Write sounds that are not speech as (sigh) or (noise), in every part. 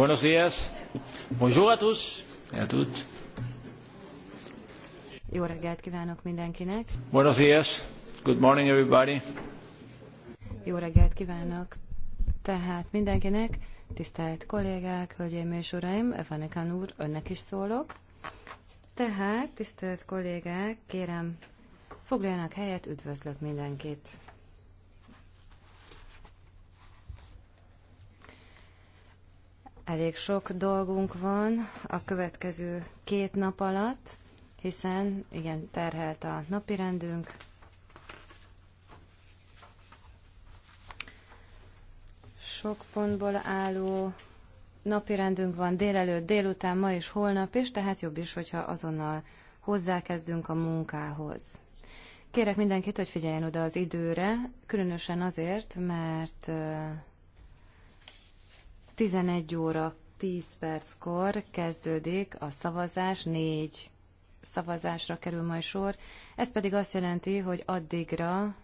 Buenos días. Bonjour à tous et à toutes. Jó reggelt kívánok mindenkinek. Buenos días. Good morning everybody. Jó reggelt kívánok tehát mindenkinek. Tisztelt kollégák, hölgyeim és uraim, Evanekán úr, önnek is szólok. Tehát, tisztelt kollégák, kérem, foglaljanak helyet, üdvözlök mindenkit. Elég sok dolgunk van a következő két nap alatt, hiszen igen, terhelt a napi rendünk. Sok pontból álló napi rendünk van délelőtt, délután, ma és holnap is, tehát jobb is, hogyha azonnal hozzákezdünk a munkához. Kérek mindenkit, hogy figyeljen oda az időre, különösen azért, mert 11 óra 10 perckor kezdődik a szavazás, négy szavazásra kerül majd sor. Ez pedig azt jelenti, hogy addigra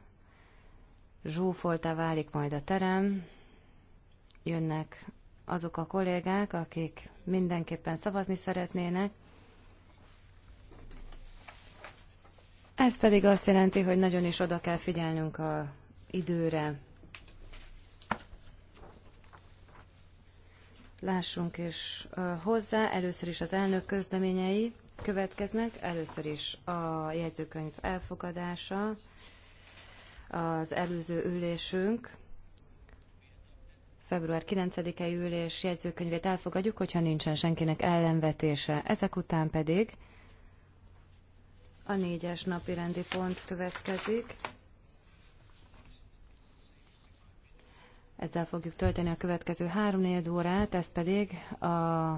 zsúfoltá válik majd a terem, jönnek azok a kollégák, akik mindenképpen szavazni szeretnének. Ez pedig azt jelenti, hogy nagyon is oda kell figyelnünk a időre. Lássunk is hozzá, először is az elnök közleményei következnek, először is a jegyzőkönyv elfogadása, az előző ülésünk, február 9-e ülés jegyzőkönyvét elfogadjuk, hogyha nincsen senkinek ellenvetése. Ezek után pedig a négyes napi rendi pont következik. Ezzel fogjuk tölteni a következő három órát, ez pedig a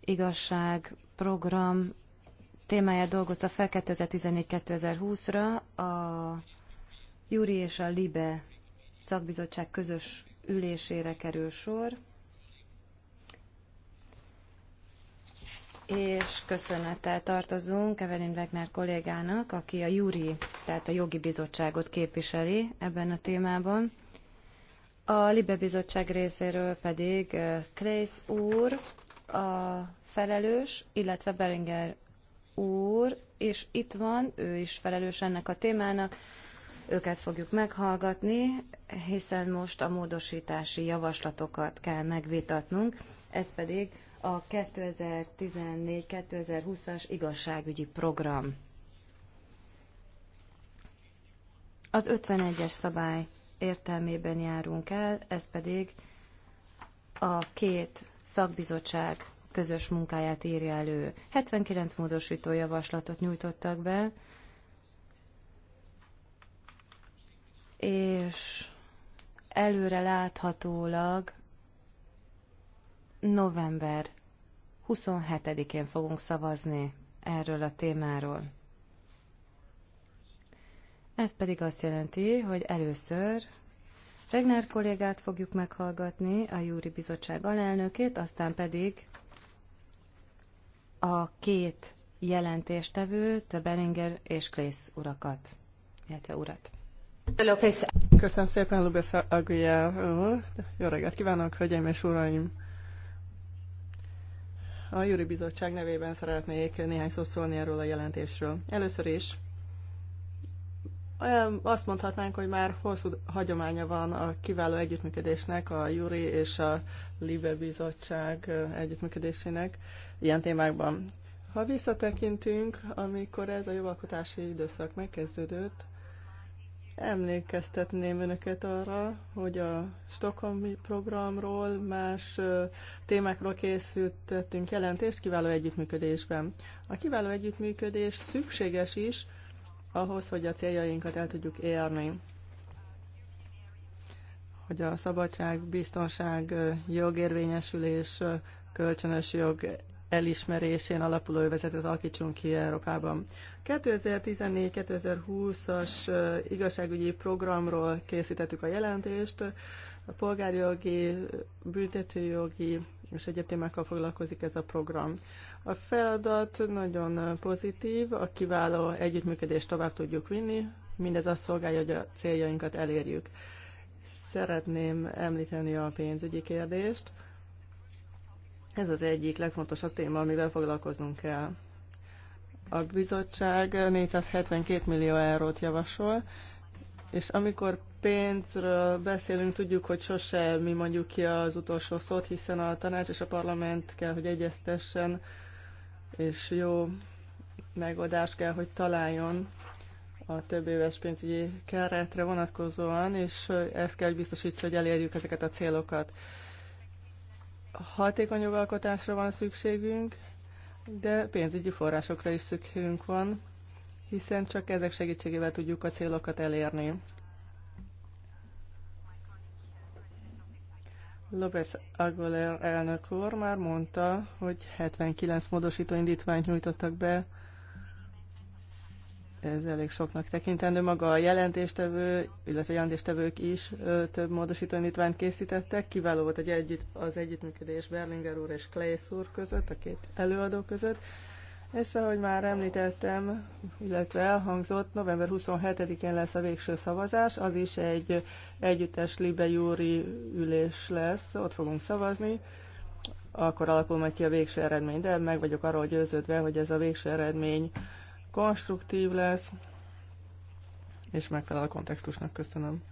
igazság program témáját dolgozza fel 2014-2020-ra a Júri és a Libe szakbizottság közös ülésére kerül sor. és köszönettel tartozunk Evelyn Wegner kollégának, aki a Júri, tehát a jogi bizottságot képviseli ebben a témában. A Libe bizottság részéről pedig Krész úr a felelős, illetve Beringer úr, és itt van, ő is felelős ennek a témának. Őket fogjuk meghallgatni, hiszen most a módosítási javaslatokat kell megvitatnunk, ez pedig a 2014-2020-as igazságügyi program. Az 51-es szabály értelmében járunk el, ez pedig a két szakbizottság közös munkáját írja elő. 79 módosító javaslatot nyújtottak be, és előre láthatólag november 27-én fogunk szavazni erről a témáról. Ez pedig azt jelenti, hogy először Regner kollégát fogjuk meghallgatni, a Júri Bizottság alelnökét, aztán pedig a két jelentéstevőt, Beringer és Klész urakat, illetve urat. Köszönöm szépen, Lubesz Aguiar úr. Jó reggelt kívánok, hölgyeim és uraim! A Júri Bizottság nevében szeretnék néhány szó szólni erről a jelentésről. Először is azt mondhatnánk, hogy már hosszú hagyománya van a kiváló együttműködésnek, a Júri és a Libe Bizottság együttműködésének ilyen témákban. Ha visszatekintünk, amikor ez a jogalkotási időszak megkezdődött, Emlékeztetném önöket arra, hogy a Stockholmi programról más témákról készítettünk jelentést kiváló együttműködésben. A kiváló együttműködés szükséges is ahhoz, hogy a céljainkat el tudjuk érni hogy a szabadság, biztonság, jogérvényesülés, kölcsönös jog elismerésén alapuló övezetet alakítsunk ki Európában. 2014-2020-as igazságügyi programról készítettük a jelentést. A polgárjogi, büntetőjogi és egyéb témákkal foglalkozik ez a program. A feladat nagyon pozitív, a kiváló együttműködést tovább tudjuk vinni, mindez azt szolgálja, hogy a céljainkat elérjük. Szeretném említeni a pénzügyi kérdést ez az egyik legfontosabb téma, amivel foglalkoznunk kell. A bizottság 472 millió eurót javasol, és amikor pénzről beszélünk, tudjuk, hogy sose mi mondjuk ki az utolsó szót, hiszen a tanács és a parlament kell, hogy egyeztessen, és jó megoldást kell, hogy találjon a több éves pénzügyi keretre vonatkozóan, és ezt kell, hogy biztosítsa, hogy elérjük ezeket a célokat. Hatékony jogalkotásra van szükségünk, de pénzügyi forrásokra is szükségünk van, hiszen csak ezek segítségével tudjuk a célokat elérni. López Aguilar elnök úr már mondta, hogy 79 módosító indítványt nyújtottak be ez elég soknak tekintendő. Maga a jelentéstevő, illetve jelentéstevők is ö, több módosítóindítványt készítettek. Kiváló volt egy együtt, az együttműködés Berlinger úr és Kleisz úr között, a két előadó között. És ahogy már említettem, illetve elhangzott, november 27-én lesz a végső szavazás, az is egy együttes libejúri ülés lesz, ott fogunk szavazni, akkor alakul majd ki a végső eredmény, de meg vagyok arról győződve, hogy ez a végső eredmény konstruktív lesz, és megfelel a kontextusnak. Köszönöm.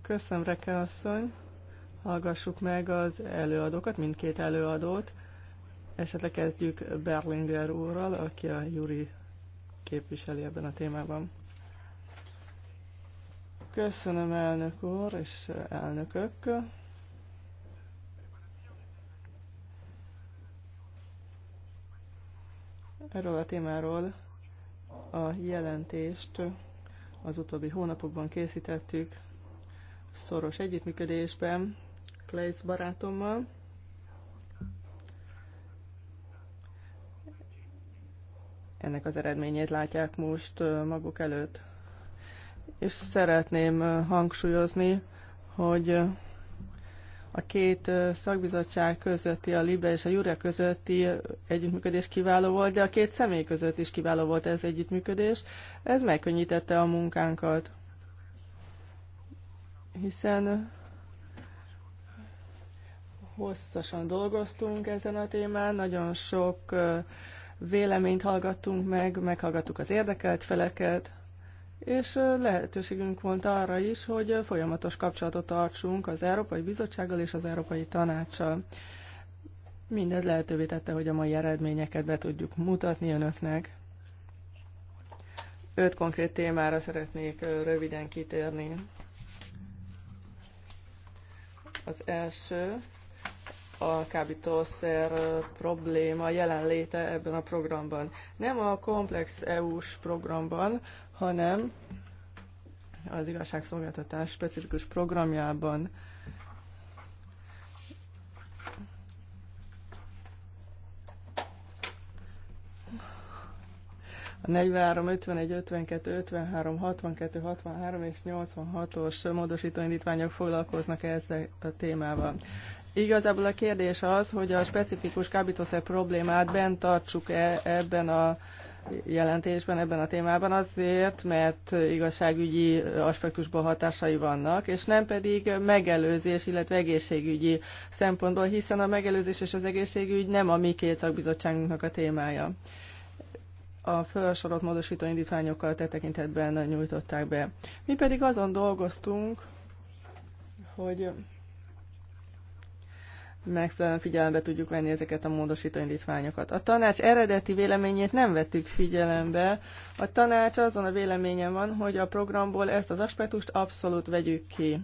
Köszönöm, Reke asszony. Hallgassuk meg az előadókat, mindkét előadót. Esetleg kezdjük Berlinger úrral, aki a Juri képviseli ebben a témában. Köszönöm, elnök úr és elnökök. Erről a témáról a jelentést az utóbbi hónapokban készítettük szoros együttműködésben Clays barátommal. Ennek az eredményét látják most maguk előtt. És szeretném hangsúlyozni, hogy a két szakbizottság közötti, a LIBE és a JURE közötti együttműködés kiváló volt, de a két személy között is kiváló volt ez együttműködés. Ez megkönnyítette a munkánkat. Hiszen hosszasan dolgoztunk ezen a témán, nagyon sok véleményt hallgattunk meg, meghallgattuk az érdekelt feleket, és lehetőségünk volt arra is, hogy folyamatos kapcsolatot tartsunk az Európai Bizottsággal és az Európai Tanácssal. Mindez lehetővé tette, hogy a mai eredményeket be tudjuk mutatni önöknek. Öt konkrét témára szeretnék röviden kitérni. Az első a kábítószer probléma jelenléte ebben a programban. Nem a komplex EU-s programban, hanem az igazságszolgáltatás specifikus programjában a 43, 51, 52, 53, 62, 63 és 86-os módosító indítványok foglalkoznak ezzel a témával. Igazából a kérdés az, hogy a specifikus kábítószer problémát bent tartsuk-e ebben a jelentésben ebben a témában azért, mert igazságügyi aspektusból hatásai vannak, és nem pedig megelőzés, illetve egészségügyi szempontból, hiszen a megelőzés és az egészségügy nem a mi két szakbizottságunknak a témája. A felsorolt módosító indítványokkal te tekintetben nyújtották be. Mi pedig azon dolgoztunk, hogy megfelelően figyelembe tudjuk venni ezeket a módosító indítványokat. A tanács eredeti véleményét nem vettük figyelembe. A tanács azon a véleményen van, hogy a programból ezt az aspektust abszolút vegyük ki.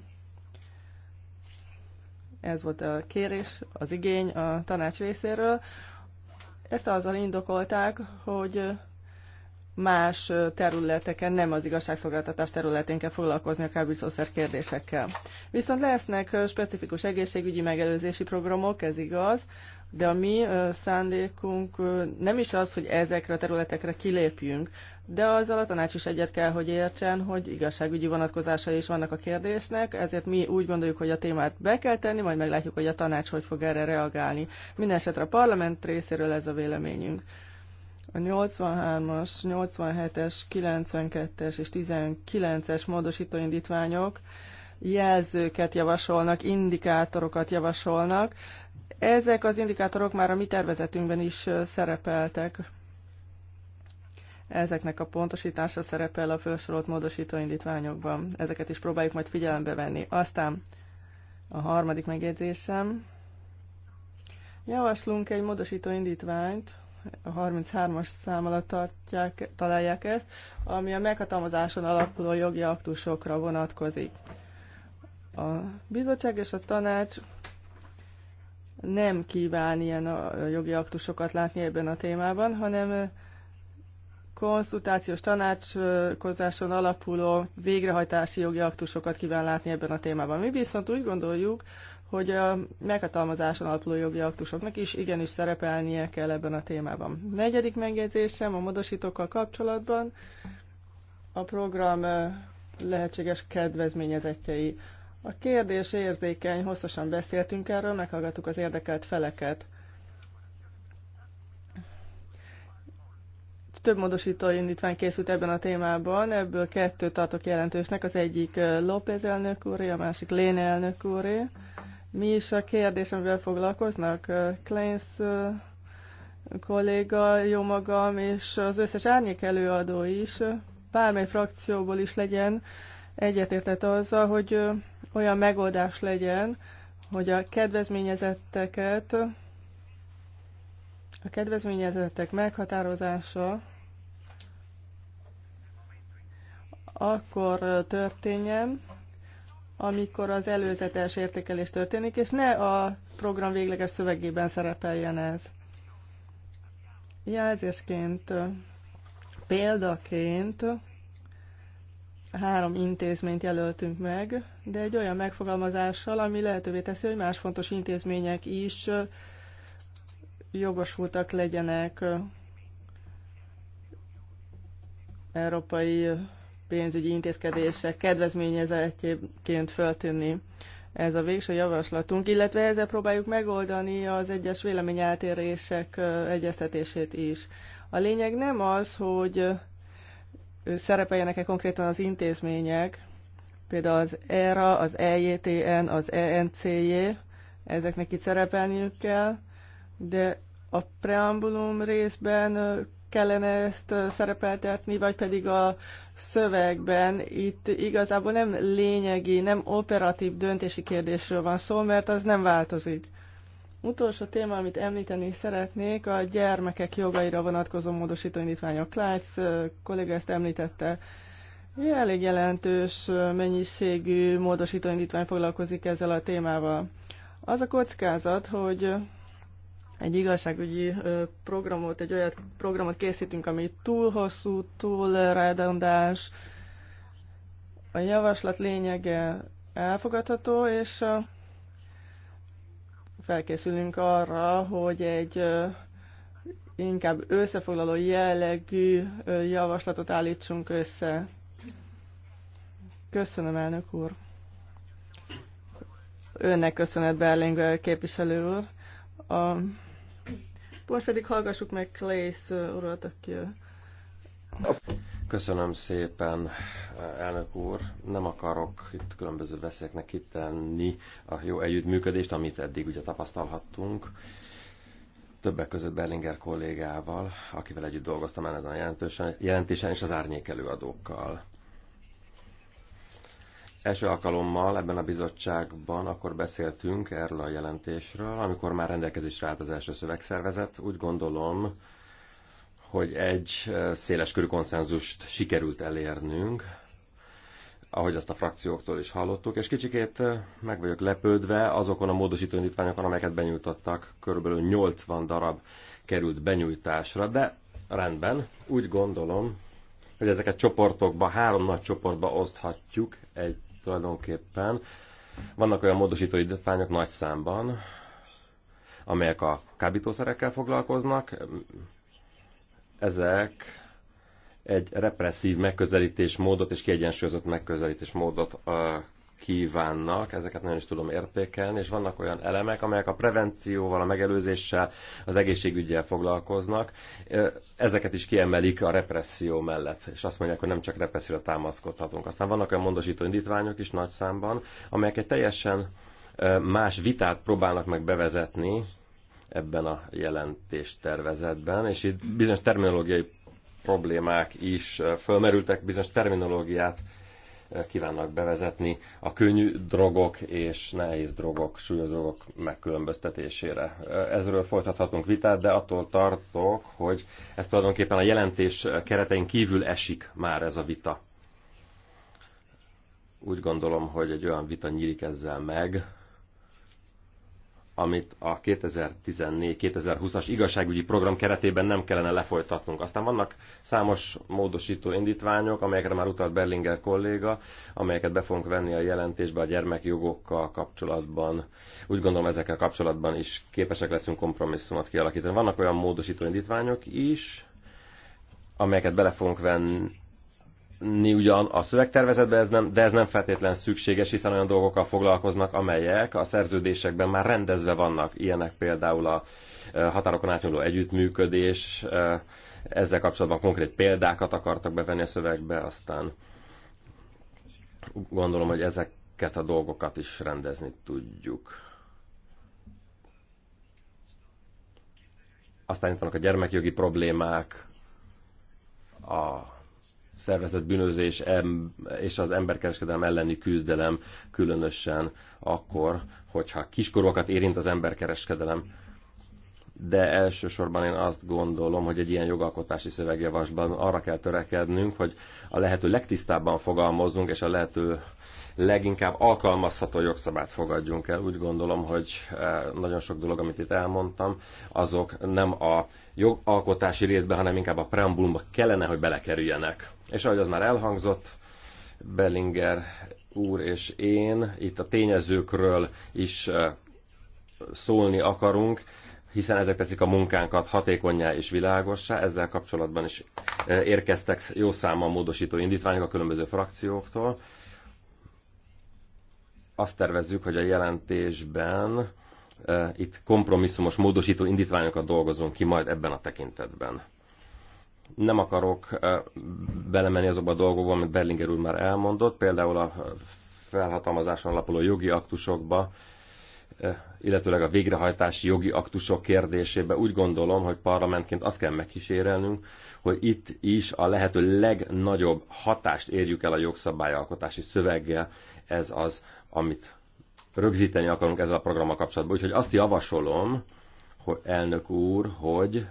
Ez volt a kérés, az igény a tanács részéről. Ezt azzal indokolták, hogy más területeken, nem az igazságszolgáltatás területén kell foglalkozni a kábítószer kérdésekkel. Viszont lesznek specifikus egészségügyi megelőzési programok, ez igaz, de a mi szándékunk nem is az, hogy ezekre a területekre kilépjünk, de azzal a tanács is egyet kell, hogy értsen, hogy igazságügyi vonatkozásai is vannak a kérdésnek, ezért mi úgy gondoljuk, hogy a témát be kell tenni, majd meglátjuk, hogy a tanács hogy fog erre reagálni. Mindenesetre a parlament részéről ez a véleményünk. A 83-as, 87-es, 92-es és 19-es módosítóindítványok jelzőket javasolnak, indikátorokat javasolnak. Ezek az indikátorok már a mi tervezetünkben is szerepeltek. Ezeknek a pontosítása szerepel a felsorolt módosítóindítványokban. Ezeket is próbáljuk majd figyelembe venni. Aztán a harmadik megjegyzésem. Javaslunk egy módosítóindítványt, indítványt, a 33-as szám alatt tartják, találják ezt, ami a meghatalmazáson alapuló jogi aktusokra vonatkozik. A bizottság és a tanács nem kíván ilyen a jogi aktusokat látni ebben a témában, hanem konszultációs tanácskozáson alapuló végrehajtási jogi aktusokat kíván látni ebben a témában. Mi viszont úgy gondoljuk, hogy a meghatalmazáson alapuló jogi aktusoknak is igenis szerepelnie kell ebben a témában. Negyedik megjegyzésem a módosítókkal kapcsolatban a program lehetséges kedvezményezettjei. A kérdés érzékeny, hosszasan beszéltünk erről, meghallgattuk az érdekelt feleket. Több módosító indítvány készült ebben a témában, ebből kettőt tartok jelentősnek, az egyik López elnök úré, a másik Léne elnök úré mi is a kérdés, amivel foglalkoznak? Kleinsz kolléga, jó magam, és az összes árnyék előadó is, bármely frakcióból is legyen, egyetértett azzal, hogy olyan megoldás legyen, hogy a kedvezményezetteket, a kedvezményezettek meghatározása akkor történjen, amikor az előzetes értékelés történik, és ne a program végleges szövegében szerepeljen ez. Jelzésként, példaként három intézményt jelöltünk meg, de egy olyan megfogalmazással, ami lehetővé teszi, hogy más fontos intézmények is jogosultak legyenek európai pénzügyi intézkedések kedvezményezetjeként föltűnni. Ez a végső javaslatunk, illetve ezzel próbáljuk megoldani az egyes véleményeltérések egyeztetését is. A lényeg nem az, hogy szerepeljenek-e konkrétan az intézmények, például az ERA, az EJTN, az ENCJ, ezeknek itt szerepelniük kell, de a preambulum részben kellene ezt szerepeltetni, vagy pedig a szövegben itt igazából nem lényegi, nem operatív döntési kérdésről van szó, mert az nem változik. Utolsó téma, amit említeni szeretnék, a gyermekek jogaira vonatkozó módosító indítványok. Klájsz kolléga ezt említette. Elég jelentős mennyiségű módosító indítvány foglalkozik ezzel a témával. Az a kockázat, hogy egy igazságügyi programot, egy olyan programot készítünk, ami túl hosszú, túl redundás. A javaslat lényege elfogadható, és felkészülünk arra, hogy egy inkább összefoglaló jellegű javaslatot állítsunk össze. Köszönöm, elnök úr. Önnek köszönet Berling képviselő úr. A most pedig hallgassuk meg Clays urat, aki Köszönöm szépen, elnök úr. Nem akarok itt különböző veszélyeknek kitenni a jó együttműködést, amit eddig ugye tapasztalhattunk. Többek között Berlinger kollégával, akivel együtt dolgoztam ennek a jelentésen, jelentésen és az árnyékelőadókkal. Első alkalommal ebben a bizottságban akkor beszéltünk erről a jelentésről, amikor már rendelkezésre állt az első szövegszervezet. Úgy gondolom, hogy egy széleskörű konszenzust sikerült elérnünk, ahogy azt a frakcióktól is hallottuk, és kicsikét meg vagyok lepődve azokon a módosító indítványokon, amelyeket benyújtottak, körülbelül 80 darab került benyújtásra, de rendben, úgy gondolom, hogy ezeket csoportokba, három nagy csoportba oszthatjuk, egy tulajdonképpen vannak olyan módosító indítványok nagy számban, amelyek a kábítószerekkel foglalkoznak. Ezek egy represszív megközelítés módot és kiegyensúlyozott módot kívánnak, ezeket nagyon is tudom értékelni, és vannak olyan elemek, amelyek a prevencióval, a megelőzéssel, az egészségügyel foglalkoznak, ezeket is kiemelik a represszió mellett, és azt mondják, hogy nem csak represszióra támaszkodhatunk. Aztán vannak olyan mondosító indítványok is nagy számban, amelyek egy teljesen más vitát próbálnak meg bevezetni ebben a jelentéstervezetben, és itt bizonyos terminológiai problémák is fölmerültek, bizonyos terminológiát kívánnak bevezetni a könnyű drogok és nehéz drogok, súlyos drogok megkülönböztetésére. Ezről folytathatunk vitát, de attól tartok, hogy ez tulajdonképpen a jelentés keretein kívül esik már ez a vita. Úgy gondolom, hogy egy olyan vita nyílik ezzel meg, amit a 2014-2020-as igazságügyi program keretében nem kellene lefolytatnunk. Aztán vannak számos módosító indítványok, amelyekre már utalt Berlinger kolléga, amelyeket be fogunk venni a jelentésbe a gyermekjogokkal kapcsolatban. Úgy gondolom ezekkel kapcsolatban is képesek leszünk kompromisszumot kialakítani. Vannak olyan módosító indítványok is, amelyeket bele fogunk venni, ni ugyan a szövegtervezetben ez nem, de ez nem feltétlen szükséges, hiszen olyan dolgokkal foglalkoznak, amelyek a szerződésekben már rendezve vannak. Ilyenek például a határokon átnyúló együttműködés, ezzel kapcsolatban konkrét példákat akartak bevenni a szövegbe, aztán gondolom, hogy ezeket a dolgokat is rendezni tudjuk. Aztán itt vannak a gyermekjogi problémák, a szervezett bűnözés és az emberkereskedelem elleni küzdelem, különösen akkor, hogyha kiskorúakat érint az emberkereskedelem. De elsősorban én azt gondolom, hogy egy ilyen jogalkotási szövegjavasban arra kell törekednünk, hogy a lehető legtisztábban fogalmazzunk, és a lehető leginkább alkalmazható jogszabát fogadjunk el. Úgy gondolom, hogy eh, nagyon sok dolog, amit itt elmondtam, azok nem a jogalkotási részbe, hanem inkább a preambulumba kellene, hogy belekerüljenek. És ahogy az már elhangzott, Bellinger úr és én itt a tényezőkről is szólni akarunk, hiszen ezek teszik a munkánkat hatékonyá és világossá. Ezzel kapcsolatban is érkeztek jó számmal módosító indítványok a különböző frakcióktól. Azt tervezzük, hogy a jelentésben itt kompromisszumos módosító indítványokat dolgozunk ki majd ebben a tekintetben. Nem akarok belemenni azokba a dolgokba, amit Berlinger úr már elmondott, például a felhatalmazáson alapuló jogi aktusokba, illetőleg a végrehajtási jogi aktusok kérdésébe úgy gondolom, hogy parlamentként azt kell megkísérelnünk, hogy itt is a lehető legnagyobb hatást érjük el a jogszabályalkotási szöveggel, ez az, amit rögzíteni akarunk ezzel a programmal kapcsolatban. Úgyhogy azt javasolom, hogy elnök úr, hogy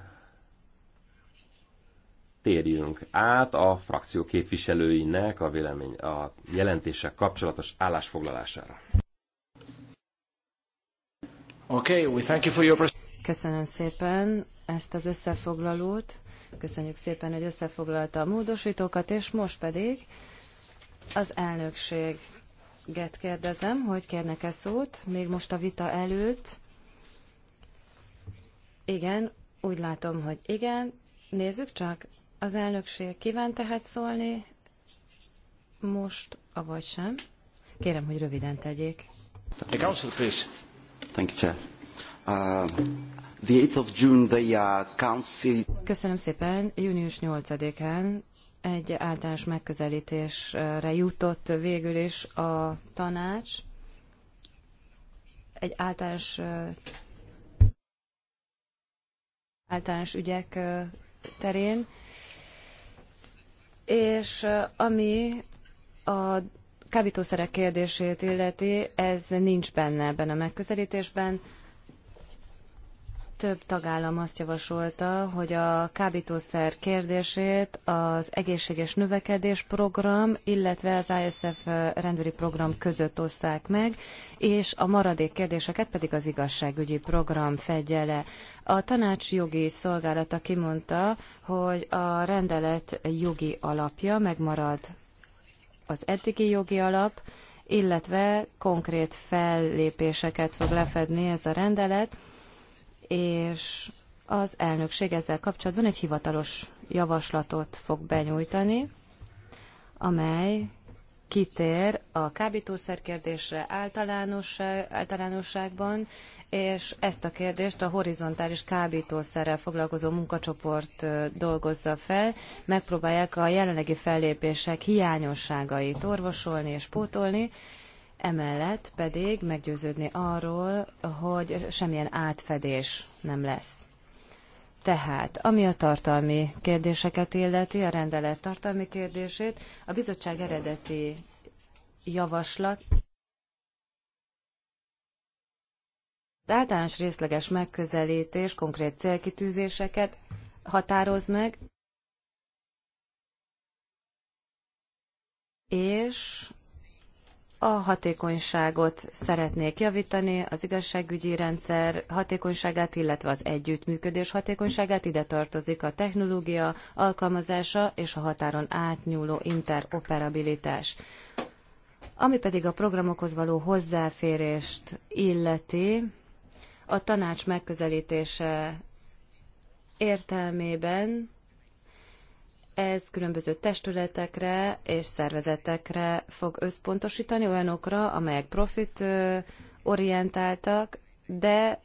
térjünk át a frakció képviselőinek a, vélemény, a jelentések kapcsolatos állásfoglalására. Okay, we thank you for your... Köszönöm szépen ezt az összefoglalót. Köszönjük szépen, hogy összefoglalta a módosítókat, és most pedig az elnökség Get kérdezem, hogy kérnek-e szót, még most a vita előtt. Igen, úgy látom, hogy igen. Nézzük csak, az elnökség kíván tehet szólni, most, avagy sem. Kérem, hogy röviden tegyék. The council, please. Thank you, Chair. Uh, the 8th of June, the uh, council... Köszönöm szépen. Június 8-án egy általános megközelítésre jutott végül is a tanács, egy általános, általános ügyek terén, és ami a kábítószerek kérdését illeti, ez nincs benne ebben a megközelítésben több tagállam azt javasolta, hogy a kábítószer kérdését az egészséges növekedés program, illetve az ISF rendőri program között osszák meg, és a maradék kérdéseket pedig az igazságügyi program fedje le. A tanács jogi szolgálata kimondta, hogy a rendelet jogi alapja megmarad az eddigi jogi alap, illetve konkrét fellépéseket fog lefedni ez a rendelet, és az elnökség ezzel kapcsolatban egy hivatalos javaslatot fog benyújtani, amely kitér a kábítószer kérdésre általános, általánosságban, és ezt a kérdést a horizontális kábítószerrel foglalkozó munkacsoport dolgozza fel. Megpróbálják a jelenlegi fellépések hiányosságait orvosolni és pótolni, emellett pedig meggyőződni arról, hogy semmilyen átfedés nem lesz. Tehát, ami a tartalmi kérdéseket illeti, a rendelet tartalmi kérdését, a bizottság eredeti javaslat az általános részleges megközelítés konkrét célkitűzéseket határoz meg, és a hatékonyságot szeretnék javítani, az igazságügyi rendszer hatékonyságát, illetve az együttműködés hatékonyságát. Ide tartozik a technológia alkalmazása és a határon átnyúló interoperabilitás. Ami pedig a programokhoz való hozzáférést illeti, a tanács megközelítése értelmében ez különböző testületekre és szervezetekre fog összpontosítani, olyanokra, amelyek profit orientáltak, de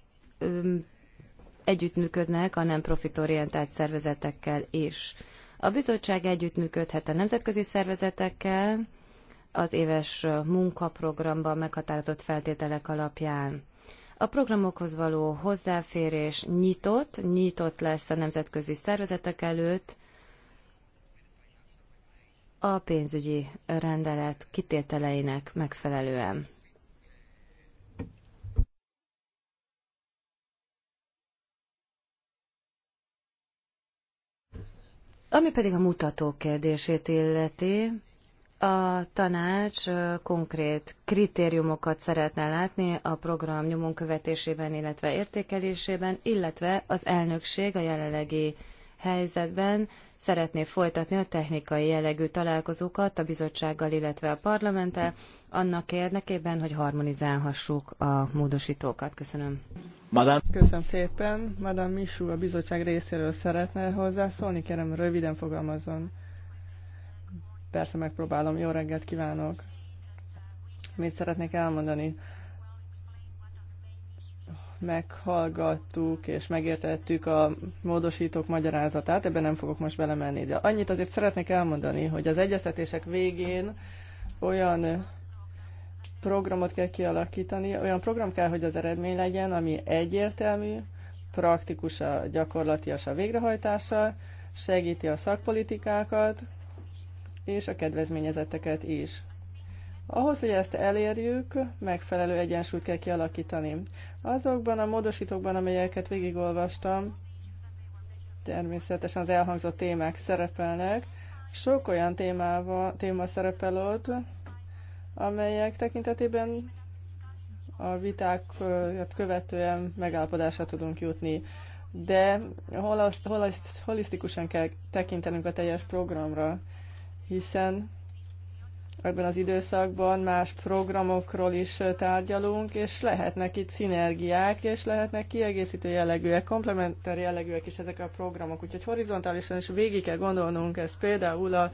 együttműködnek a nem orientált szervezetekkel is. A bizottság együttműködhet a nemzetközi szervezetekkel az éves munkaprogramban meghatározott feltételek alapján. A programokhoz való hozzáférés nyitott, nyitott lesz a nemzetközi szervezetek előtt, a pénzügyi rendelet kitételeinek megfelelően. Ami pedig a mutató kérdését illeti, a tanács konkrét kritériumokat szeretne látni a program nyomon követésében, illetve értékelésében, illetve az elnökség a jelenlegi helyzetben szeretné folytatni a technikai jellegű találkozókat a bizottsággal, illetve a parlamenttel, annak érdekében, hogy harmonizálhassuk a módosítókat. Köszönöm. Madame. Köszönöm szépen. Madame Misú, a bizottság részéről szeretne hozzászólni. Kérem, röviden fogalmazzon. Persze megpróbálom. Jó reggelt kívánok. Mit szeretnék elmondani? meghallgattuk és megértettük a módosítók magyarázatát, ebben nem fogok most belemenni, de annyit azért szeretnék elmondani, hogy az egyeztetések végén olyan programot kell kialakítani, olyan program kell, hogy az eredmény legyen, ami egyértelmű, praktikus a gyakorlatias a végrehajtással, segíti a szakpolitikákat és a kedvezményezetteket is. Ahhoz, hogy ezt elérjük, megfelelő egyensúlyt kell kialakítani. Azokban a módosítókban, amelyeket végigolvastam, természetesen az elhangzott témák szerepelnek. Sok olyan témával, téma szerepel ott, amelyek tekintetében a vitákat követően megállapodásra tudunk jutni. De hol hol holisztikusan kell tekintenünk a teljes programra, hiszen ebben az időszakban más programokról is tárgyalunk, és lehetnek itt szinergiák, és lehetnek kiegészítő jellegűek, komplementer jellegűek is ezek a programok. Úgyhogy horizontálisan is végig kell gondolnunk ezt például a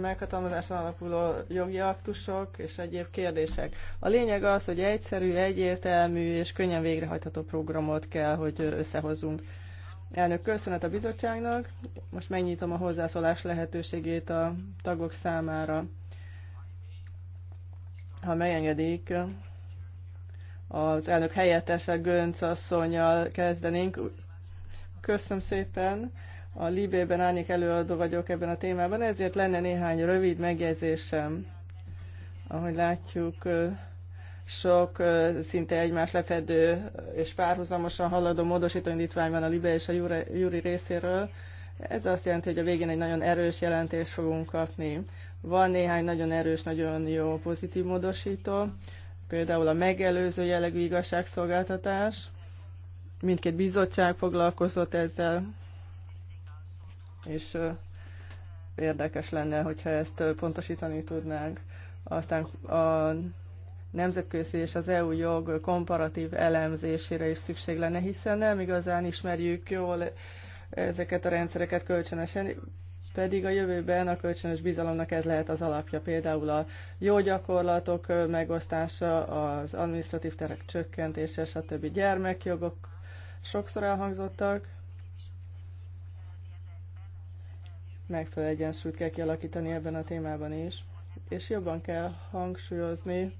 meghatalmazáson alapuló jogi aktusok és egyéb kérdések. A lényeg az, hogy egyszerű, egyértelmű és könnyen végrehajtható programot kell, hogy összehozzunk. Elnök, köszönet a bizottságnak. Most megnyitom a hozzászólás lehetőségét a tagok számára. Ha megengedik, az elnök helyettese Gönc asszonyjal kezdenénk. Köszönöm szépen. A Libében árnyék előadó vagyok ebben a témában, ezért lenne néhány rövid megjegyzésem. Ahogy látjuk, sok szinte egymás lefedő és párhuzamosan haladó módosító indítvány van a Libe és a Júri részéről. Ez azt jelenti, hogy a végén egy nagyon erős jelentést fogunk kapni. Van néhány nagyon erős, nagyon jó pozitív módosító, például a megelőző jellegű igazságszolgáltatás. Mindkét bizottság foglalkozott ezzel, és érdekes lenne, hogyha ezt pontosítani tudnánk. Aztán a nemzetközi és az EU jog komparatív elemzésére is szükség lenne, hiszen nem igazán ismerjük jól ezeket a rendszereket kölcsönösen pedig a jövőben a kölcsönös bizalomnak ez lehet az alapja. Például a jó gyakorlatok megosztása, az administratív terek csökkentése, stb. gyermekjogok sokszor elhangzottak. Megfelelő egyensúlyt kell kialakítani ebben a témában is, és jobban kell hangsúlyozni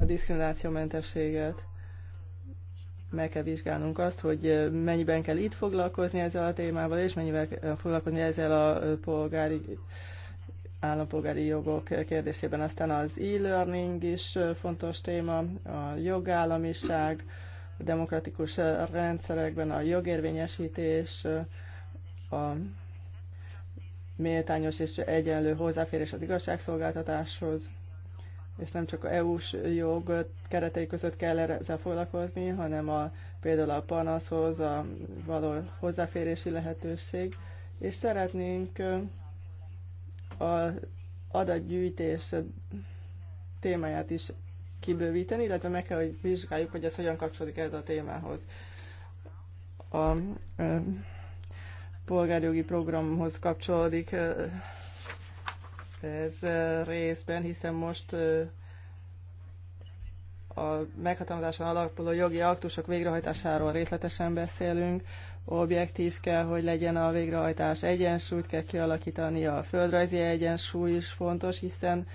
a diszkriminációmentességet meg kell vizsgálnunk azt, hogy mennyiben kell itt foglalkozni ezzel a témával, és mennyivel kell foglalkozni ezzel a polgári állampolgári jogok kérdésében. Aztán az e-learning is fontos téma, a jogállamiság, a demokratikus rendszerekben a jogérvényesítés, a méltányos és egyenlő hozzáférés az igazságszolgáltatáshoz és nem csak a EU-s jog keretei között kell ezzel foglalkozni, hanem a, például a panaszhoz a való hozzáférési lehetőség, és szeretnénk az adatgyűjtés témáját is kibővíteni, illetve meg kell, hogy vizsgáljuk, hogy ez hogyan kapcsolódik ez a témához. A, a polgárjogi programhoz kapcsolódik ez részben, hiszen most a meghatározáson alapuló jogi aktusok végrehajtásáról részletesen beszélünk, objektív kell, hogy legyen a végrehajtás, egyensúlyt kell kialakítani, a földrajzi egyensúly is fontos, hiszen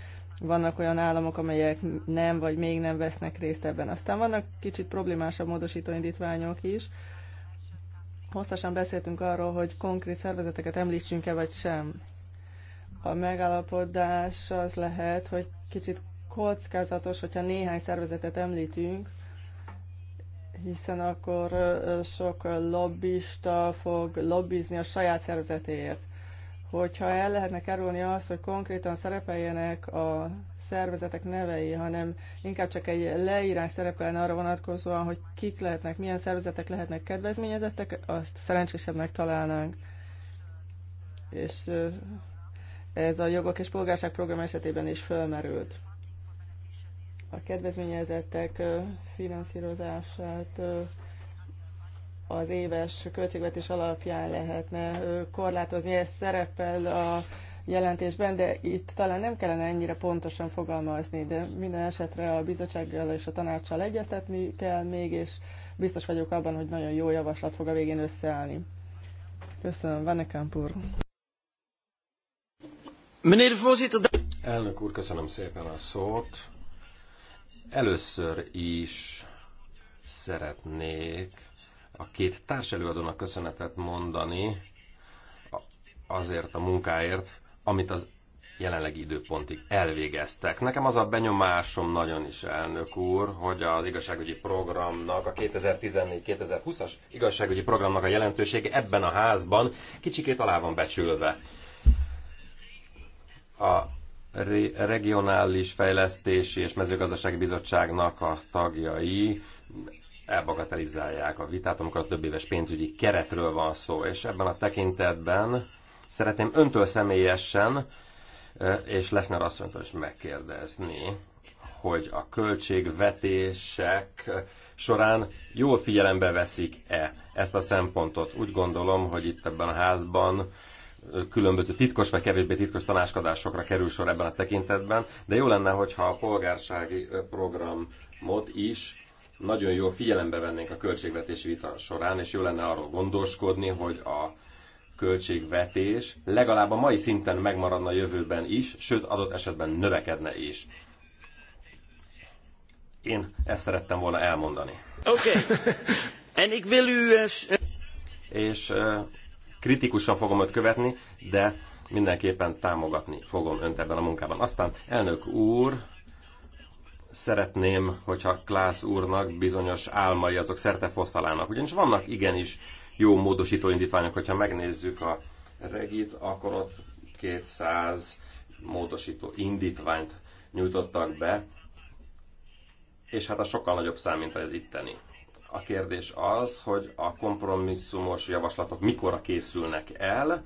vannak olyan államok, amelyek nem vagy még nem vesznek részt ebben. Aztán vannak kicsit problémásabb módosító indítványok is. Hosszasan beszéltünk arról, hogy konkrét szervezeteket említsünk-e vagy sem a megállapodás az lehet, hogy kicsit kockázatos, hogyha néhány szervezetet említünk, hiszen akkor sok lobbista fog lobbizni a saját szervezetéért. Hogyha el lehetne kerülni azt, hogy konkrétan szerepeljenek a szervezetek nevei, hanem inkább csak egy leírás szerepelne arra vonatkozóan, hogy kik lehetnek, milyen szervezetek lehetnek kedvezményezettek, azt szerencsésebbnek találnánk. És ez a jogok és polgárság program esetében is fölmerült. A kedvezményezettek finanszírozását az éves költségvetés alapján lehetne korlátozni. Ez szerepel a jelentésben, de itt talán nem kellene ennyire pontosan fogalmazni, de minden esetre a bizottsággal és a tanácssal egyeztetni kell még, és biztos vagyok abban, hogy nagyon jó javaslat fog a végén összeállni. Köszönöm, Vanekampur. Meneer de voorzitter... Elnök úr, köszönöm szépen a szót. Először is szeretnék a két társelőadónak köszönetet mondani azért a munkáért, amit az jelenlegi időpontig elvégeztek. Nekem az a benyomásom nagyon is, elnök úr, hogy az igazságügyi programnak, a 2014-2020-as igazságügyi programnak a jelentősége ebben a házban kicsikét alá van becsülve a regionális fejlesztési és mezőgazdasági bizottságnak a tagjai elbagatelizálják a vitát, amikor a több éves pénzügyi keretről van szó, és ebben a tekintetben szeretném öntől személyesen, és Leszner asszonytól is megkérdezni, hogy a költségvetések során jól figyelembe veszik-e ezt a szempontot. Úgy gondolom, hogy itt ebben a házban különböző titkos vagy kevésbé titkos tanáskadásokra kerül sor ebben a tekintetben, de jó lenne, hogyha a polgársági programot is nagyon jó figyelembe vennénk a költségvetési vita során, és jó lenne arról gondoskodni, hogy a költségvetés legalább a mai szinten megmaradna a jövőben is, sőt adott esetben növekedne is. Én ezt szerettem volna elmondani. Oké. Okay. (laughs) En És kritikusan fogom őt követni, de mindenképpen támogatni fogom önt ebben a munkában. Aztán elnök úr, szeretném, hogyha Klász úrnak bizonyos álmai azok szerte fosszalának. Ugyanis vannak igenis jó módosító indítványok, hogyha megnézzük a regit, akkor ott 200 módosító indítványt nyújtottak be, és hát a sokkal nagyobb szám, mint az itteni. A kérdés az, hogy a kompromisszumos javaslatok mikor készülnek el,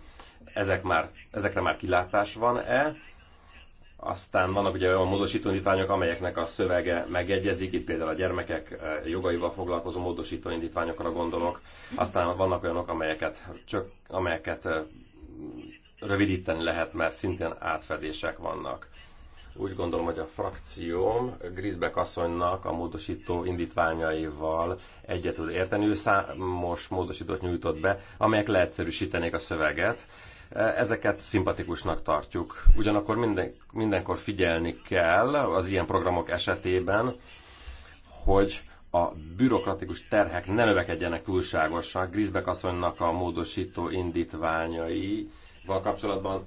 ezek már, ezekre már kilátás van-e, aztán vannak ugye olyan módosítóindítványok, amelyeknek a szövege megegyezik, itt például a gyermekek eh, jogaival foglalkozó módosítóindítványokra gondolok, aztán vannak olyanok, amelyeket, csak, amelyeket eh, rövidíteni lehet, mert szintén átfedések vannak. Úgy gondolom, hogy a frakcióm Grisbeck asszonynak a módosító indítványaival egyet tud érteni. Ő számos módosítót nyújtott be, amelyek leegyszerűsítenék a szöveget. Ezeket szimpatikusnak tartjuk. Ugyanakkor minden, mindenkor figyelni kell az ilyen programok esetében, hogy a bürokratikus terhek ne növekedjenek túlságosan. Grisbeck asszonynak a módosító indítványai val kapcsolatban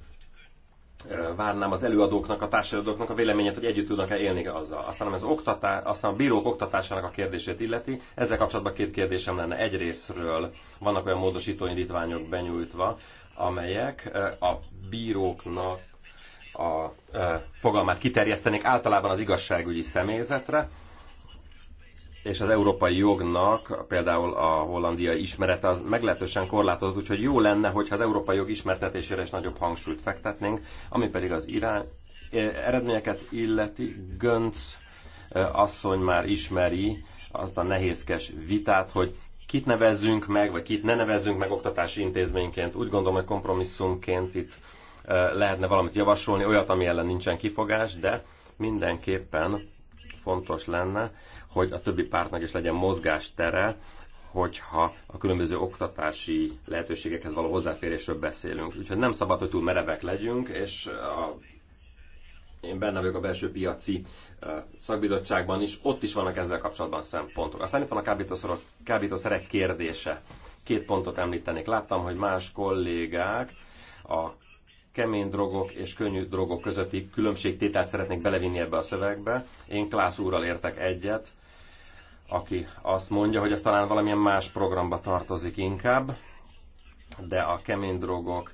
várnám az előadóknak, a társadalmaknak a véleményét, hogy együtt tudnak-e élni azzal. Aztán, az oktatá, aztán a bírók oktatásának a kérdését illeti, ezzel kapcsolatban két kérdésem lenne. Egyrésztről vannak olyan módosító indítványok benyújtva, amelyek a bíróknak a fogalmát kiterjesztenék általában az igazságügyi személyzetre, és az európai jognak például a hollandiai ismerete az meglehetősen korlátozott, úgyhogy jó lenne, hogyha az európai jog ismertetésére is nagyobb hangsúlyt fektetnénk, ami pedig az irány eh, eredményeket illeti. Gönc eh, asszony már ismeri azt a nehézkes vitát, hogy kit nevezzünk meg, vagy kit ne nevezzünk meg oktatási intézményként. Úgy gondolom, hogy kompromisszumként itt eh, lehetne valamit javasolni, olyat, ami ellen nincsen kifogás, de mindenképpen fontos lenne, hogy a többi pártnak is legyen mozgástere, hogyha a különböző oktatási lehetőségekhez való hozzáférésről beszélünk. Úgyhogy nem szabad, hogy túl merevek legyünk, és a, én benne vagyok a belső piaci szakbizottságban is, ott is vannak ezzel kapcsolatban szempontok. Aztán itt van a kábítószerek, kábítószerek kérdése. Két pontot említenék. Láttam, hogy más kollégák a kemény drogok és könnyű drogok közötti különbségtételt szeretnék belevinni ebbe a szövegbe. Én Klász úrral értek egyet, aki azt mondja, hogy ez talán valamilyen más programba tartozik inkább, de a kemény drogok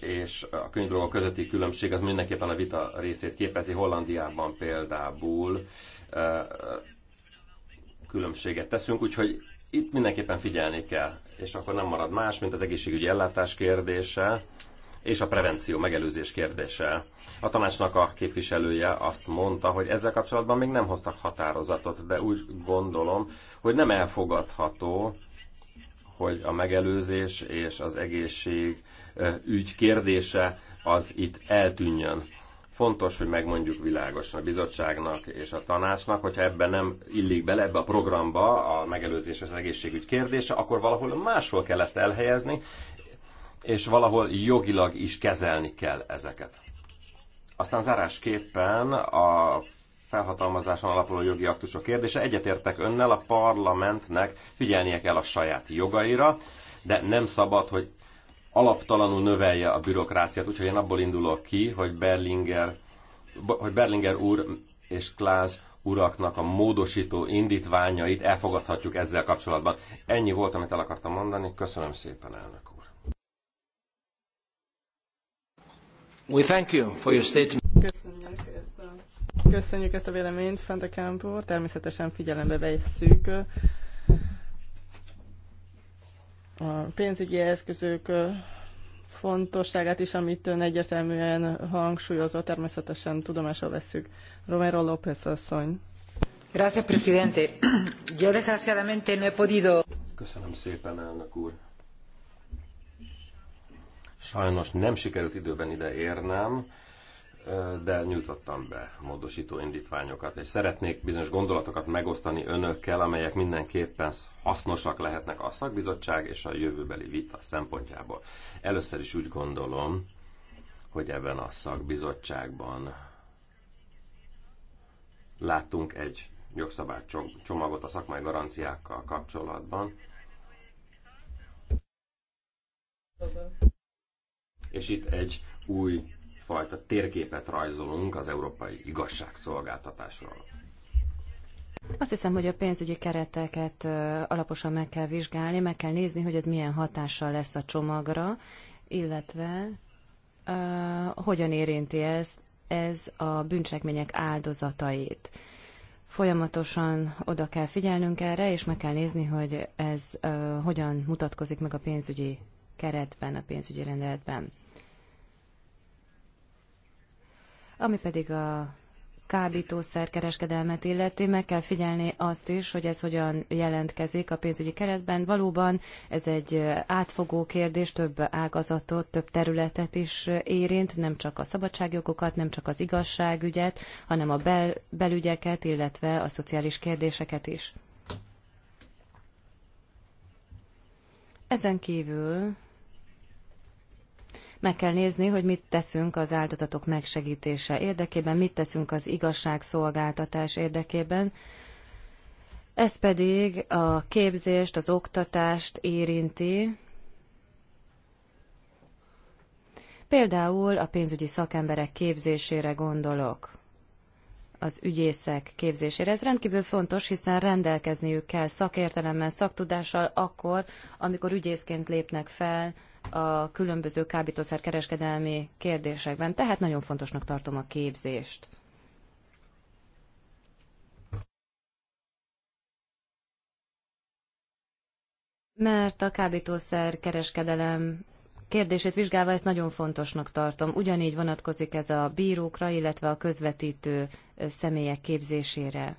és a könnyű drogok közötti különbség az mindenképpen a vita részét képezi. Hollandiában például különbséget teszünk, úgyhogy itt mindenképpen figyelni kell, és akkor nem marad más, mint az egészségügyi ellátás kérdése, és a prevenció megelőzés kérdése. A tanácsnak a képviselője azt mondta, hogy ezzel kapcsolatban még nem hoztak határozatot, de úgy gondolom, hogy nem elfogadható, hogy a megelőzés és az egészség ügy kérdése az itt eltűnjön. Fontos, hogy megmondjuk világosan a bizottságnak és a tanácsnak, hogyha ebben nem illik bele ebbe a programba a megelőzés és az egészségügy kérdése, akkor valahol máshol kell ezt elhelyezni, és valahol jogilag is kezelni kell ezeket. Aztán zárásképpen a felhatalmazáson alapuló jogi aktusok kérdése. Egyetértek önnel, a parlamentnek figyelnie kell a saját jogaira, de nem szabad, hogy alaptalanul növelje a bürokráciát. Úgyhogy én abból indulok ki, hogy Berlinger, hogy Berlinger úr és Kláz uraknak a módosító indítványait elfogadhatjuk ezzel kapcsolatban. Ennyi volt, amit el akartam mondani. Köszönöm szépen, elnök úr. We thank you for your statement. Köszönjük ezt a, véleményt, Fente Campo. Természetesen figyelembe vesszük uh, a pénzügyi eszközök uh, fontosságát is, amit ön egyértelműen hangsúlyozza, természetesen tudomásul vesszük. Romero López asszony. Gracias, presidente. Yo desgraciadamente no he podido... Köszönöm szépen, elnök úr. Sajnos nem sikerült időben ide érnem, de nyújtottam be módosító indítványokat, és szeretnék bizonyos gondolatokat megosztani önökkel, amelyek mindenképpen hasznosak lehetnek a szakbizottság és a jövőbeli vita szempontjából. Először is úgy gondolom, hogy ebben a szakbizottságban láttunk egy jogszabálycsomagot a szakmai garanciákkal kapcsolatban és itt egy új fajta térképet rajzolunk az európai igazságszolgáltatásról. Azt hiszem, hogy a pénzügyi kereteket alaposan meg kell vizsgálni, meg kell nézni, hogy ez milyen hatással lesz a csomagra, illetve uh, hogyan érinti ezt ez a bűncselekmények áldozatait. Folyamatosan oda kell figyelnünk erre, és meg kell nézni, hogy ez uh, hogyan mutatkozik meg a pénzügyi keretben, a pénzügyi rendeletben. Ami pedig a kábítószer kereskedelmet illeti, meg kell figyelni azt is, hogy ez hogyan jelentkezik a pénzügyi keretben. Valóban ez egy átfogó kérdés, több ágazatot, több területet is érint, nem csak a szabadságjogokat, nem csak az igazságügyet, hanem a bel- belügyeket, illetve a szociális kérdéseket is. Ezen kívül meg kell nézni, hogy mit teszünk az áldozatok megsegítése érdekében, mit teszünk az igazságszolgáltatás érdekében. Ez pedig a képzést, az oktatást érinti, Például a pénzügyi szakemberek képzésére gondolok, az ügyészek képzésére. Ez rendkívül fontos, hiszen rendelkezniük kell szakértelemmel, szaktudással akkor, amikor ügyészként lépnek fel a különböző kábítószerkereskedelmi kérdésekben, tehát nagyon fontosnak tartom a képzést. Mert a kábítószer kereskedelem kérdését vizsgálva ezt nagyon fontosnak tartom. Ugyanígy vonatkozik ez a bírókra, illetve a közvetítő személyek képzésére.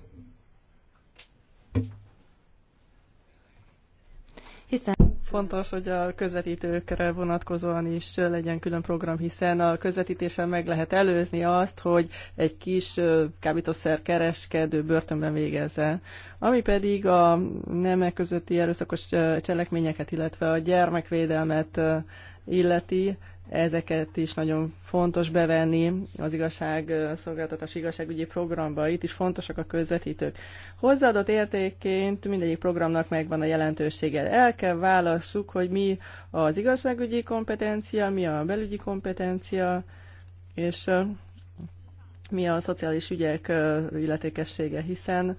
Hiszen Fontos, hogy a közvetítőkre vonatkozóan is legyen külön program, hiszen a közvetítésen meg lehet előzni azt, hogy egy kis kábítószer kereskedő börtönben végezze. Ami pedig a nemek közötti erőszakos cselekményeket, illetve a gyermekvédelmet illeti, ezeket is nagyon fontos bevenni az igazságszolgáltatás igazságügyi programba. Itt is fontosak a közvetítők. Hozzáadott értékként mindegyik programnak megvan a jelentősége. El kell válasszuk, hogy mi az igazságügyi kompetencia, mi a belügyi kompetencia, és mi a szociális ügyek illetékessége, hiszen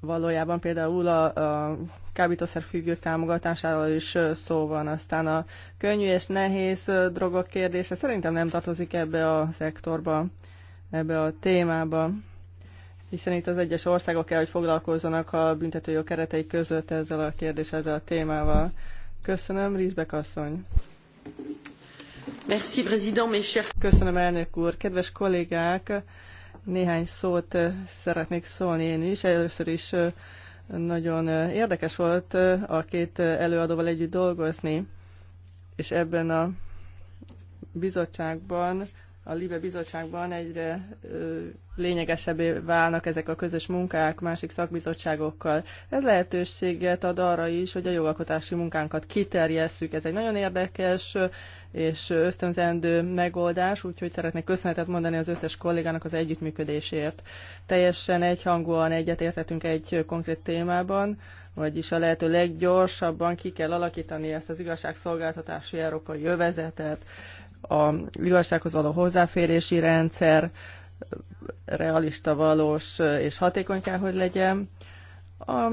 valójában például a, a kábítószerfüggők támogatásáról is szó van. Aztán a könnyű és nehéz drogok kérdése szerintem nem tartozik ebbe a szektorba, ebbe a témába, hiszen itt az egyes országok kell, hogy foglalkozzanak a büntetőjog keretei között ezzel a kérdéssel, ezzel a témával. Köszönöm, Rizbek asszony. Merci, président, mes chers... Köszönöm, elnök úr. Kedves kollégák, néhány szót szeretnék szólni én is. Először is nagyon érdekes volt a két előadóval együtt dolgozni, és ebben a bizottságban, a LIBE bizottságban egyre lényegesebbé válnak ezek a közös munkák másik szakbizottságokkal. Ez lehetőséget ad arra is, hogy a jogalkotási munkánkat kiterjesszük. Ez egy nagyon érdekes és ösztönzendő megoldás, úgyhogy szeretnék köszönetet mondani az összes kollégának az együttműködésért. Teljesen egyhangúan egyetértettünk egy konkrét témában, vagyis a lehető leggyorsabban ki kell alakítani ezt az igazságszolgáltatási európai jövezetet, a igazsághoz való hozzáférési rendszer realista, valós és hatékony kell, hogy legyen. A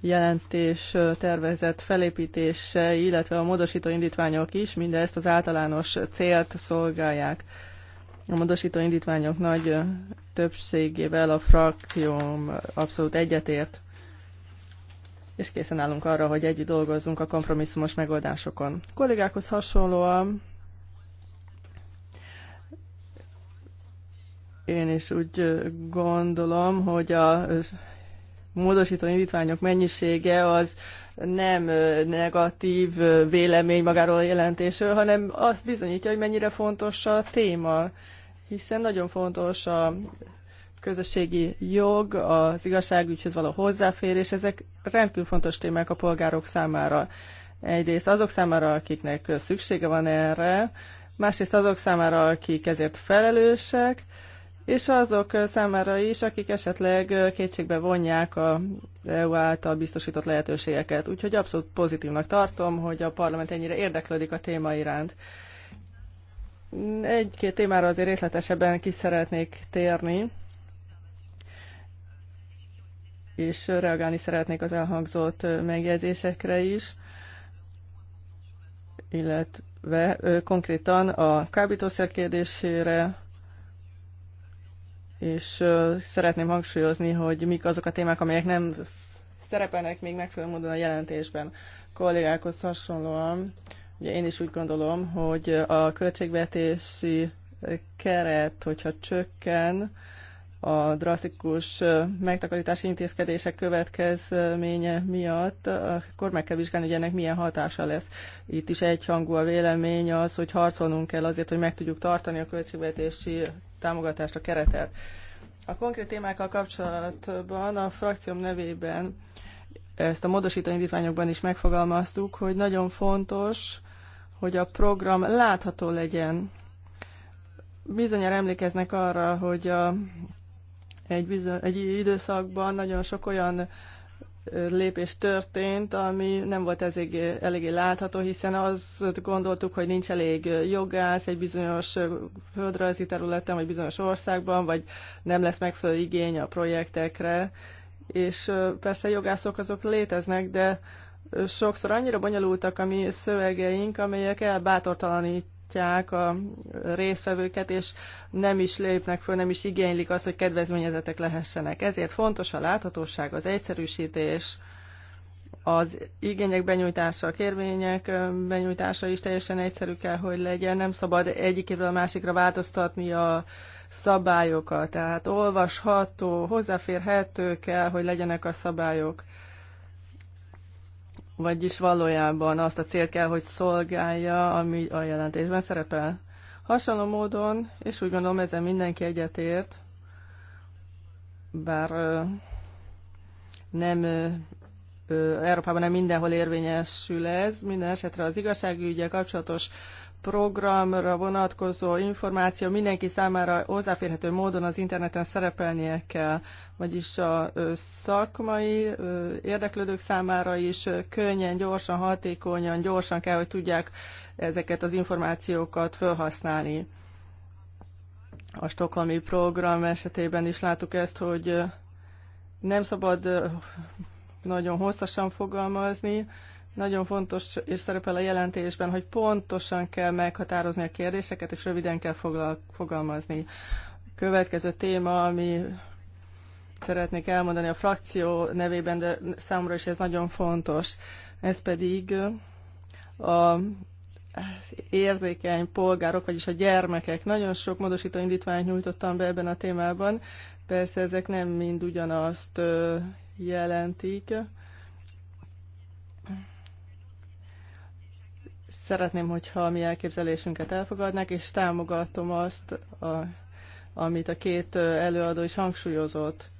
jelentés tervezett felépítése, illetve a módosító indítványok is mindezt az általános célt szolgálják. A módosító indítványok nagy többségével a frakcióm abszolút egyetért, és készen állunk arra, hogy együtt dolgozzunk a kompromisszumos megoldásokon. A kollégákhoz hasonlóan én is úgy gondolom, hogy a módosító indítványok mennyisége az nem negatív vélemény magáról a jelentésről, hanem azt bizonyítja, hogy mennyire fontos a téma, hiszen nagyon fontos a közösségi jog, az igazságügyhöz való hozzáférés, ezek rendkívül fontos témák a polgárok számára. Egyrészt azok számára, akiknek szüksége van erre, másrészt azok számára, akik ezért felelősek, és azok számára is, akik esetleg kétségbe vonják a EU által biztosított lehetőségeket. Úgyhogy abszolút pozitívnak tartom, hogy a parlament ennyire érdeklődik a téma iránt. Egy-két témára azért részletesebben ki szeretnék térni, és reagálni szeretnék az elhangzott megjegyzésekre is, illetve konkrétan a kábítószer kérdésére, és szeretném hangsúlyozni, hogy mik azok a témák, amelyek nem szerepelnek még megfelelő módon a jelentésben. Kollégákhoz hasonlóan, ugye én is úgy gondolom, hogy a költségvetési keret, hogyha csökken, a drasztikus megtakarítási intézkedések következménye miatt, akkor meg kell vizsgálni, hogy ennek milyen hatása lesz. Itt is egyhangú a vélemény az, hogy harcolnunk kell azért, hogy meg tudjuk tartani a költségvetési támogatást, a keretet. A konkrét témákkal kapcsolatban a frakcióm nevében ezt a módosító indítványokban is megfogalmaztuk, hogy nagyon fontos, hogy a program látható legyen. Bizonyára emlékeznek arra, hogy a, egy, bizony, egy időszakban nagyon sok olyan lépés történt, ami nem volt ezég, eléggé látható, hiszen azt gondoltuk, hogy nincs elég jogász egy bizonyos földrajzi területen, vagy bizonyos országban, vagy nem lesz megfelelő igény a projektekre. És persze jogászok azok léteznek, de sokszor annyira bonyolultak a mi szövegeink, amelyek elbátortalanít bántatják a résztvevőket, és nem is lépnek föl, nem is igénylik azt, hogy kedvezményezetek lehessenek. Ezért fontos a láthatóság, az egyszerűsítés, az igények benyújtása, a kérvények benyújtása is teljesen egyszerű kell, hogy legyen. Nem szabad egyik évvel a másikra változtatni a szabályokat. Tehát olvasható, hozzáférhető kell, hogy legyenek a szabályok. Vagyis valójában azt a célt kell, hogy szolgálja, ami a jelentésben szerepel. Hasonló módon, és úgy gondolom ezen mindenki egyetért, bár nem Európában nem mindenhol érvényesül ez, minden esetre az igazságügyel kapcsolatos programra vonatkozó információ mindenki számára hozzáférhető módon az interneten szerepelnie kell, vagyis a szakmai érdeklődők számára is könnyen, gyorsan, hatékonyan, gyorsan kell, hogy tudják ezeket az információkat felhasználni. A stokholmi program esetében is láttuk ezt, hogy nem szabad nagyon hosszasan fogalmazni, nagyon fontos, és szerepel a jelentésben, hogy pontosan kell meghatározni a kérdéseket, és röviden kell foglal, fogalmazni. Következő téma, ami szeretnék elmondani a frakció nevében, de számomra is ez nagyon fontos. Ez pedig a érzékeny polgárok, vagyis a gyermekek. Nagyon sok módosító indítványt nyújtottam be ebben a témában. Persze ezek nem mind ugyanazt jelentik. Szeretném, hogyha a mi elképzelésünket elfogadnák, és támogatom azt, a, amit a két előadó is hangsúlyozott,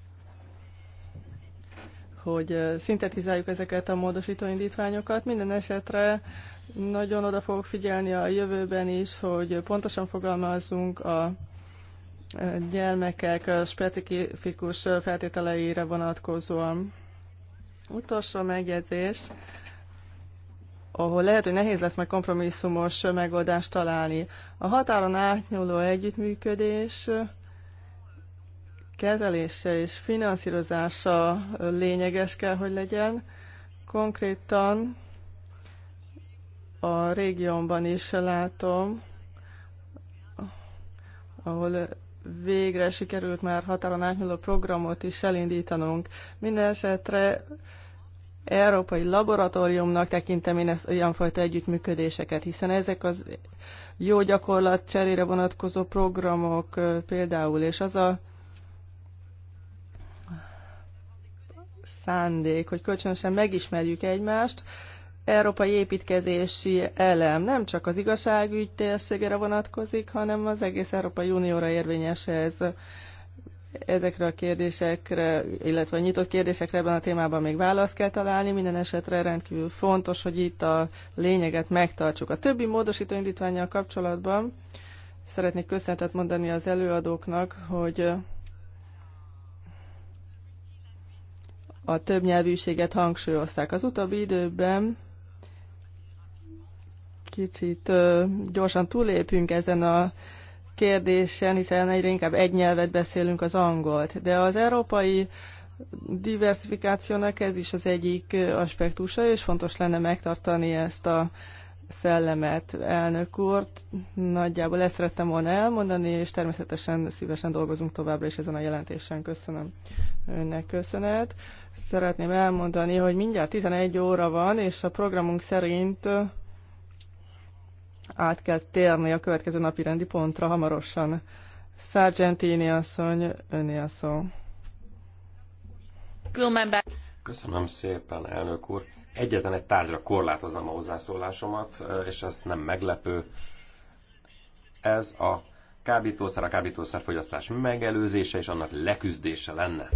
hogy szintetizáljuk ezeket a módosító indítványokat. Minden esetre nagyon oda fogok figyelni a jövőben is, hogy pontosan fogalmazzunk a gyermekek specifikus feltételeire vonatkozóan. Utolsó megjegyzés ahol lehet, hogy nehéz lesz meg kompromisszumos megoldást találni. A határon átnyúló együttműködés kezelése és finanszírozása lényeges kell, hogy legyen. Konkrétan a régiónban is látom, ahol végre sikerült már határon átnyúló programot is elindítanunk. Minden esetre európai laboratóriumnak tekintem én ezt olyanfajta együttműködéseket, hiszen ezek az jó gyakorlat cserére vonatkozó programok például, és az a szándék, hogy kölcsönösen megismerjük egymást, európai építkezési elem nem csak az igazságügy térségére vonatkozik, hanem az egész Európai Unióra érvényes ez. Ezekre a kérdésekre, illetve a nyitott kérdésekre ebben a témában még választ kell találni. Minden esetre rendkívül fontos, hogy itt a lényeget megtartsuk. A többi módosító indítványjal kapcsolatban szeretnék köszönetet mondani az előadóknak, hogy a nyelvűséget hangsúlyozták. Az utóbbi időben kicsit gyorsan túlépünk ezen a kérdésen, hiszen egyre inkább egy nyelvet beszélünk, az angolt. De az európai diversifikációnak ez is az egyik aspektusa, és fontos lenne megtartani ezt a szellemet, elnök úr. Nagyjából ezt szerettem volna elmondani, és természetesen szívesen dolgozunk továbbra is ezen a jelentésen. Köszönöm önnek köszönet. Szeretném elmondani, hogy mindjárt 11 óra van, és a programunk szerint át kell térni a következő napi rendi pontra hamarosan. Sargentini asszony, öné a szó. Köszönöm szépen, elnök úr. Egyetlen egy tárgyra korlátoznám a hozzászólásomat, és ez nem meglepő. Ez a kábítószer, a fogyasztás megelőzése és annak leküzdése lenne.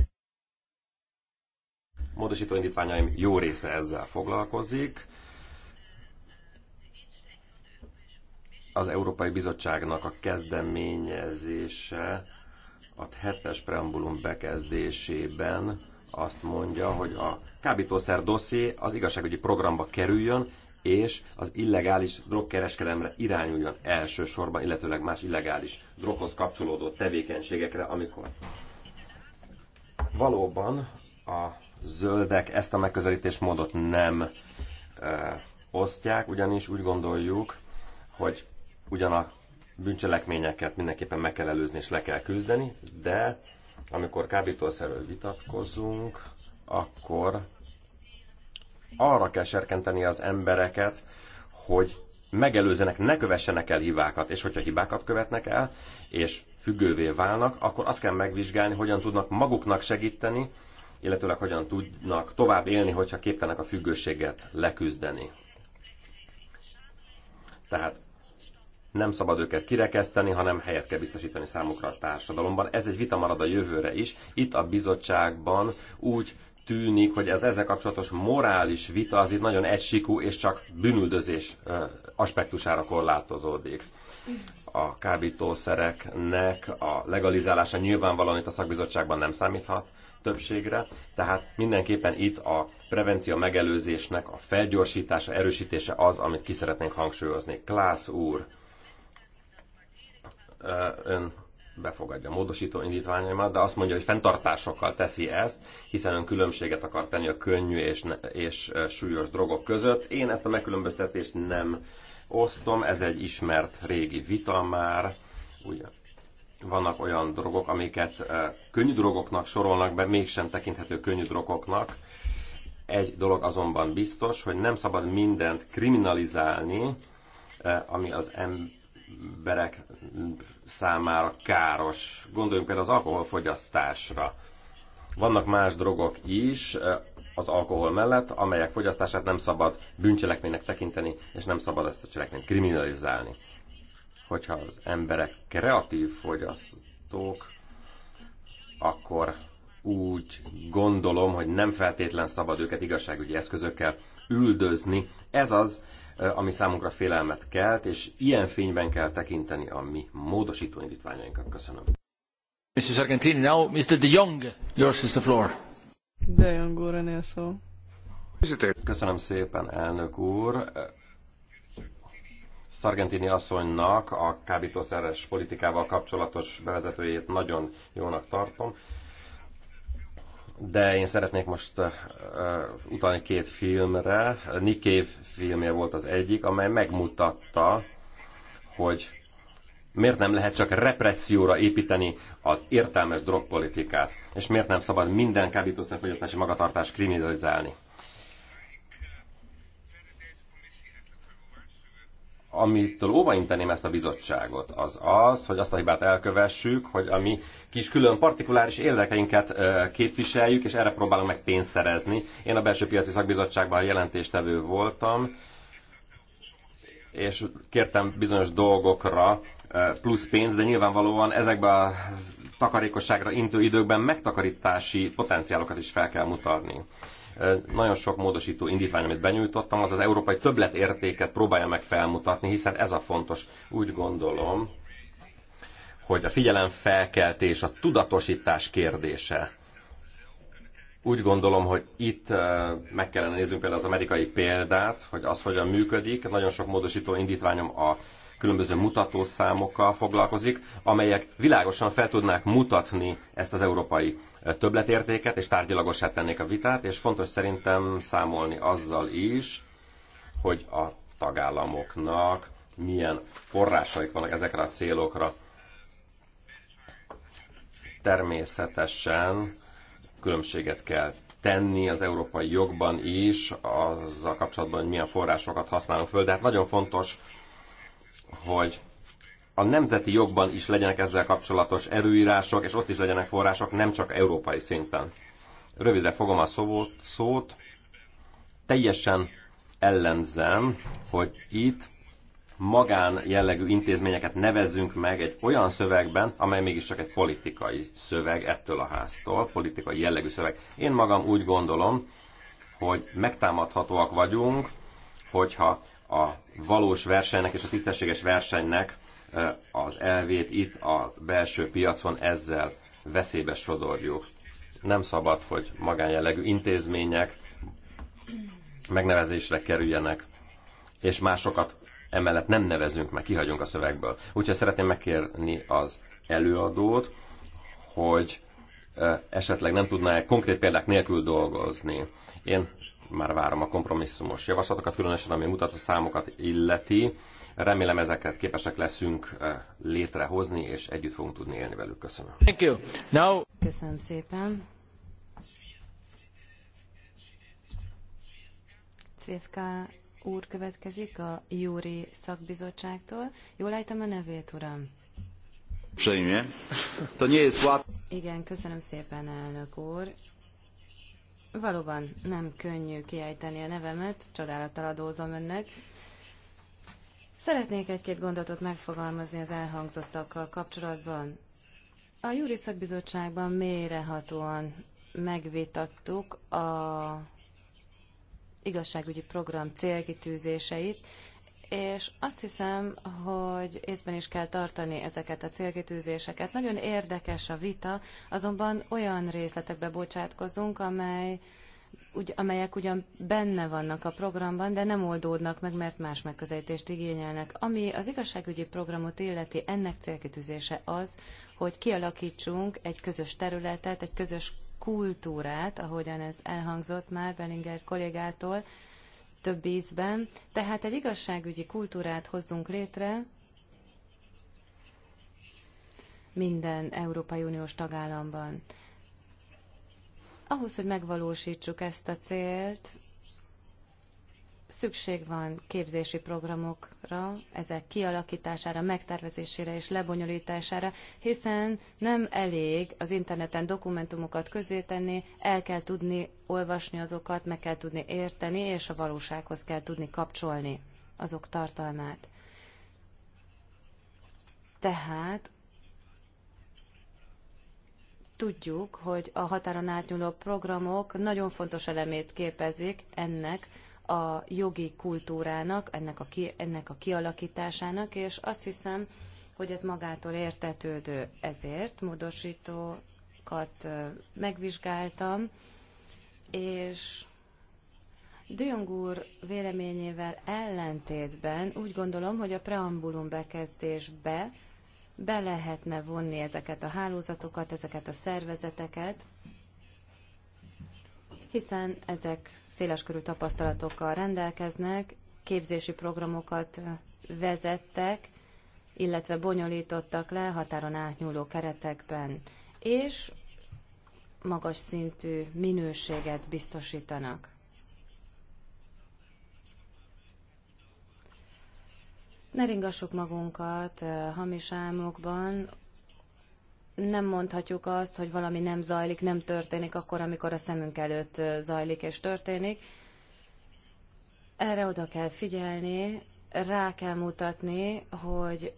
Módosító indítványaim jó része ezzel foglalkozik az Európai Bizottságnak a kezdeményezése a hetes preambulum bekezdésében azt mondja, hogy a kábítószer dosszié az igazságügyi programba kerüljön, és az illegális drogkereskedelemre irányuljon elsősorban, illetőleg más illegális droghoz kapcsolódó tevékenységekre, amikor valóban a zöldek ezt a megközelítésmódot nem ö, osztják, ugyanis úgy gondoljuk, hogy Ugyanak bűncselekményeket mindenképpen meg kell előzni és le kell küzdeni, de amikor kábítószerről vitatkozunk, akkor arra kell serkenteni az embereket, hogy megelőzenek, ne kövessenek el hibákat, és hogyha hibákat követnek el, és függővé válnak, akkor azt kell megvizsgálni, hogyan tudnak maguknak segíteni, illetőleg hogyan tudnak tovább élni, hogyha képtelenek a függőséget leküzdeni. Tehát nem szabad őket kirekeszteni, hanem helyet kell biztosítani számukra a társadalomban. Ez egy vita marad a jövőre is. Itt a bizottságban úgy tűnik, hogy ez ezzel kapcsolatos morális vita az itt nagyon egysikú és csak bűnüldözés aspektusára korlátozódik. A kábítószereknek a legalizálása nyilvánvalóan itt a szakbizottságban nem számíthat többségre, tehát mindenképpen itt a prevenció megelőzésnek a felgyorsítása, erősítése az, amit ki szeretnénk hangsúlyozni. Klász úr, ön befogadja a módosító indítványaimat, de azt mondja, hogy fenntartásokkal teszi ezt, hiszen ön különbséget akar tenni a könnyű és, ne, és súlyos drogok között. Én ezt a megkülönböztetést nem osztom, ez egy ismert régi vita már. Ugyan, vannak olyan drogok, amiket könnyű drogoknak sorolnak be, mégsem tekinthető könnyű drogoknak. Egy dolog azonban biztos, hogy nem szabad mindent kriminalizálni, ami az ember emberek számára káros. Gondoljunk például az alkoholfogyasztásra. Vannak más drogok is az alkohol mellett, amelyek fogyasztását nem szabad bűncselekménynek tekinteni, és nem szabad ezt a cselekményt kriminalizálni. Hogyha az emberek kreatív fogyasztók, akkor úgy gondolom, hogy nem feltétlen szabad őket igazságügyi eszközökkel üldözni. Ez az, Eh, ami számunkra félelmet kelt, és ilyen fényben kell tekinteni a mi módosító indítványainkat. Köszönöm. Mr. Sargentini, now Mr. De Jong, yours is the floor. De Jong úr, szó. Köszönöm szépen, elnök úr. Sargentini asszonynak a kábítószeres politikával kapcsolatos bevezetőjét nagyon jónak tartom de én szeretnék most uh, utalni két filmre. Nick Cave filmje volt az egyik, amely megmutatta, hogy miért nem lehet csak represszióra építeni az értelmes drogpolitikát, és miért nem szabad minden kábítószerfogyasztási magatartást kriminalizálni. amitől óvainteném ezt a bizottságot, az az, hogy azt a hibát elkövessük, hogy a mi kis külön partikuláris érdekeinket képviseljük, és erre próbálunk meg pénzt szerezni. Én a belső piaci szakbizottságban jelentéstevő voltam, és kértem bizonyos dolgokra plusz pénzt, de nyilvánvalóan ezekben a takarékosságra intő időkben megtakarítási potenciálokat is fel kell mutatni nagyon sok módosító indítvány, amit benyújtottam, az az európai többletértéket próbálja meg felmutatni, hiszen ez a fontos. Úgy gondolom, hogy a figyelemfelkeltés, a tudatosítás kérdése. Úgy gondolom, hogy itt meg kellene néznünk például az amerikai példát, hogy az hogyan működik. Nagyon sok módosító indítványom a különböző mutatószámokkal foglalkozik, amelyek világosan fel tudnák mutatni ezt az európai többletértéket, és tárgyalagosá tennék a vitát, és fontos szerintem számolni azzal is, hogy a tagállamoknak milyen forrásaik vannak ezekre a célokra. Természetesen különbséget kell tenni az európai jogban is, azzal kapcsolatban, hogy milyen forrásokat használunk föl, de hát nagyon fontos, hogy a nemzeti jogban is legyenek ezzel kapcsolatos erőírások, és ott is legyenek források, nem csak európai szinten. Rövidre fogom a szót. Teljesen ellenzem, hogy itt magán jellegű intézményeket nevezzünk meg egy olyan szövegben, amely mégiscsak egy politikai szöveg ettől a háztól, politikai jellegű szöveg. Én magam úgy gondolom, hogy megtámadhatóak vagyunk, hogyha a valós versenynek és a tisztességes versenynek Eh, az elvét itt a belső piacon ezzel veszélybe sodorjuk. Nem szabad, hogy magánjellegű intézmények megnevezésre kerüljenek, és másokat emellett nem nevezünk meg, kihagyunk a szövegből. Úgyhogy szeretném megkérni az előadót, hogy eh, esetleg nem tudná -e konkrét példák nélkül dolgozni. Én már várom a kompromisszumos javaslatokat, különösen ami mutat a számokat illeti, Remélem ezeket képesek leszünk eh, létrehozni, és együtt fogunk tudni élni velük. Köszönöm. Thank you. Now... Köszönöm szépen. Cvivka úr következik a Júri szakbizottságtól. Jól ejtem a nevét, uram? Przejmie. To nie jest łat... Igen, köszönöm szépen, elnök úr. Valóban nem könnyű kiejteni a nevemet, csodálattal adózom önnek. Szeretnék egy-két gondolatot megfogalmazni az elhangzottakkal kapcsolatban. A Júri Szakbizottságban mélyrehatóan megvitattuk a igazságügyi program célkitűzéseit, és azt hiszem, hogy észben is kell tartani ezeket a célkitűzéseket. Nagyon érdekes a vita, azonban olyan részletekbe bocsátkozunk, amely ugy, amelyek ugyan benne vannak a programban, de nem oldódnak meg, mert más megközelítést igényelnek. Ami az igazságügyi programot illeti, ennek célkitűzése az, hogy kialakítsunk egy közös területet, egy közös kultúrát, ahogyan ez elhangzott már Bellinger kollégától több ízben. Tehát egy igazságügyi kultúrát hozzunk létre minden Európai Uniós tagállamban. Ahhoz, hogy megvalósítsuk ezt a célt, szükség van képzési programokra, ezek kialakítására, megtervezésére és lebonyolítására, hiszen nem elég az interneten dokumentumokat közzétenni, el kell tudni olvasni azokat, meg kell tudni érteni, és a valósághoz kell tudni kapcsolni azok tartalmát. Tehát tudjuk, hogy a határon átnyúló programok nagyon fontos elemét képezik ennek a jogi kultúrának, ennek a, ki, ennek a kialakításának, és azt hiszem, hogy ez magától értetődő. Ezért módosítókat megvizsgáltam, és Düjong úr véleményével ellentétben úgy gondolom, hogy a preambulum bekezdésbe be lehetne vonni ezeket a hálózatokat, ezeket a szervezeteket, hiszen ezek széleskörű tapasztalatokkal rendelkeznek, képzési programokat vezettek, illetve bonyolítottak le határon átnyúló keretekben, és magas szintű minőséget biztosítanak. Ne ringassuk magunkat hamis álmokban, nem mondhatjuk azt, hogy valami nem zajlik, nem történik akkor, amikor a szemünk előtt zajlik és történik. Erre oda kell figyelni, rá kell mutatni, hogy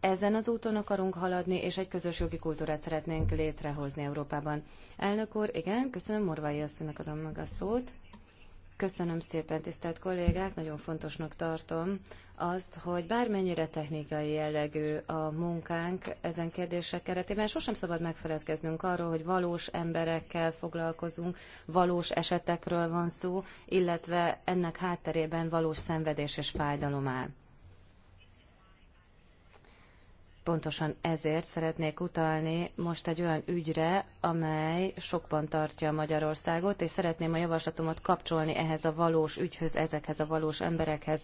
ezen az úton akarunk haladni, és egy közös jogi kultúrát szeretnénk létrehozni Európában. Elnök úr, igen, köszönöm, Morvai asszonynak adom meg a szót. Köszönöm szépen, tisztelt kollégák! Nagyon fontosnak tartom azt, hogy bármennyire technikai jellegű a munkánk ezen kérdések keretében, sosem szabad megfeledkeznünk arról, hogy valós emberekkel foglalkozunk, valós esetekről van szó, illetve ennek hátterében valós szenvedés és fájdalom áll. Pontosan ezért szeretnék utalni most egy olyan ügyre, amely sokban tartja Magyarországot, és szeretném a javaslatomat kapcsolni ehhez a valós ügyhöz, ezekhez a valós emberekhez.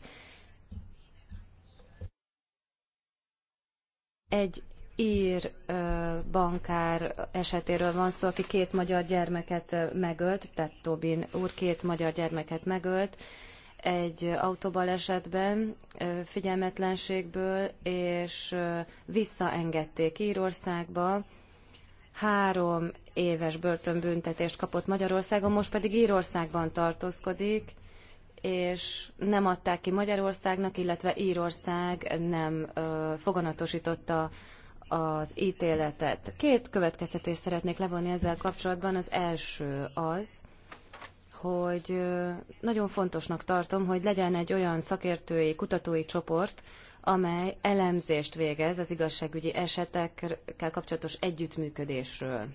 Egy ír bankár esetéről van szó, aki két magyar gyermeket megölt, tehát Tobin úr két magyar gyermeket megölt, egy autóbalesetben figyelmetlenségből, és visszaengedték Írországba. Három éves börtönbüntetést kapott Magyarországon, most pedig Írországban tartózkodik, és nem adták ki Magyarországnak, illetve Írország nem foganatosította az ítéletet. Két következtetést szeretnék levonni ezzel kapcsolatban. Az első az, hogy nagyon fontosnak tartom, hogy legyen egy olyan szakértői, kutatói csoport, amely elemzést végez az igazságügyi esetekkel kapcsolatos együttműködésről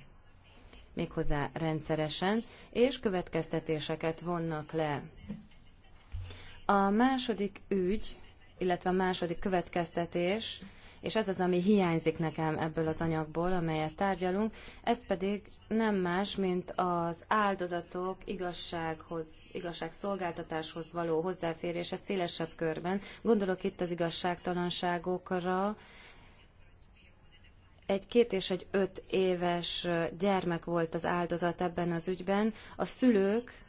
méghozzá rendszeresen, és következtetéseket vonnak le. A második ügy, illetve a második következtetés és ez az, ami hiányzik nekem ebből az anyagból, amelyet tárgyalunk, ez pedig nem más, mint az áldozatok igazsághoz, igazságszolgáltatáshoz való hozzáférése szélesebb körben. Gondolok itt az igazságtalanságokra, egy két és egy öt éves gyermek volt az áldozat ebben az ügyben, a szülők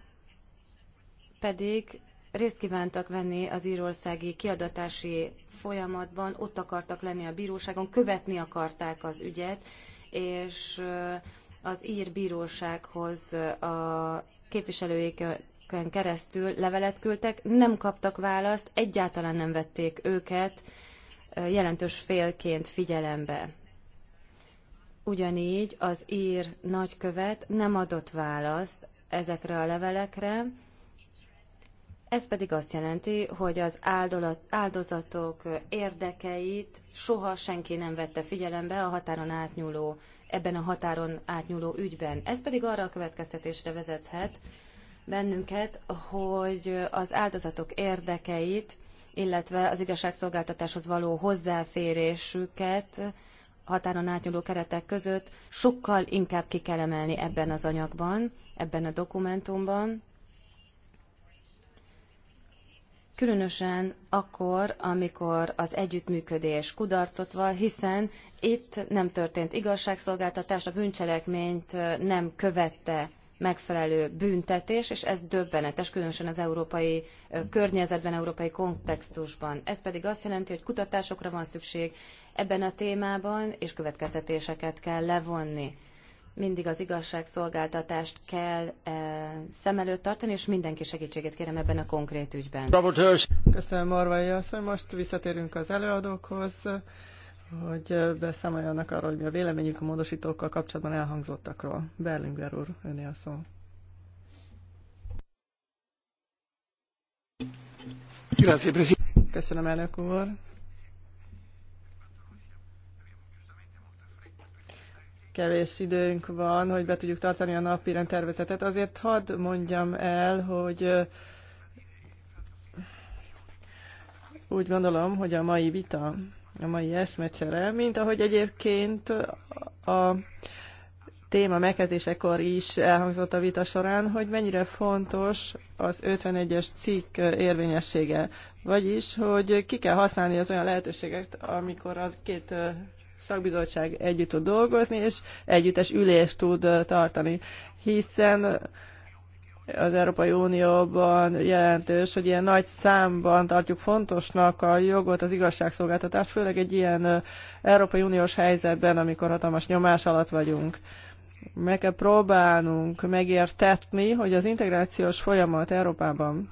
pedig részt kívántak venni az írországi kiadatási folyamatban, ott akartak lenni a bíróságon, követni akarták az ügyet, és az ír bírósághoz a képviselőikön keresztül levelet küldtek, nem kaptak választ, egyáltalán nem vették őket jelentős félként figyelembe. Ugyanígy az ír nagykövet nem adott választ ezekre a levelekre, ez pedig azt jelenti, hogy az áldolat, áldozatok érdekeit soha senki nem vette figyelembe a határon átnyúló, ebben a határon átnyúló ügyben. Ez pedig arra a következtetésre vezethet bennünket, hogy az áldozatok érdekeit, illetve az igazságszolgáltatáshoz való hozzáférésüket határon átnyúló keretek között sokkal inkább ki kell emelni ebben az anyagban, ebben a dokumentumban, különösen akkor, amikor az együttműködés kudarcot van, hiszen itt nem történt igazságszolgáltatás, a bűncselekményt nem követte megfelelő büntetés, és ez döbbenetes, különösen az európai környezetben, európai kontextusban. Ez pedig azt jelenti, hogy kutatásokra van szükség ebben a témában, és következtetéseket kell levonni mindig az igazságszolgáltatást kell e, szem előtt tartani, és mindenki segítséget kérem ebben a konkrét ügyben. Köszönöm, Marvai asszony. Most visszatérünk az előadókhoz, hogy beszámoljanak arról, hogy mi a véleményük a módosítókkal kapcsolatban elhangzottakról. Berlinger úr, öné a szó. Köszönöm, elnök úr. kevés időnk van, hogy be tudjuk tartani a napi rendtervezetet. Azért hadd mondjam el, hogy úgy gondolom, hogy a mai vita, a mai eszmecsere, mint ahogy egyébként a téma megkezdésekor is elhangzott a vita során, hogy mennyire fontos az 51-es cikk érvényessége. Vagyis, hogy ki kell használni az olyan lehetőséget, amikor a két szakbizottság együtt tud dolgozni, és együttes ülést tud tartani, hiszen az Európai Unióban jelentős, hogy ilyen nagy számban tartjuk fontosnak a jogot, az igazságszolgáltatást, főleg egy ilyen Európai Uniós helyzetben, amikor hatalmas nyomás alatt vagyunk. Meg kell próbálnunk megértetni, hogy az integrációs folyamat Európában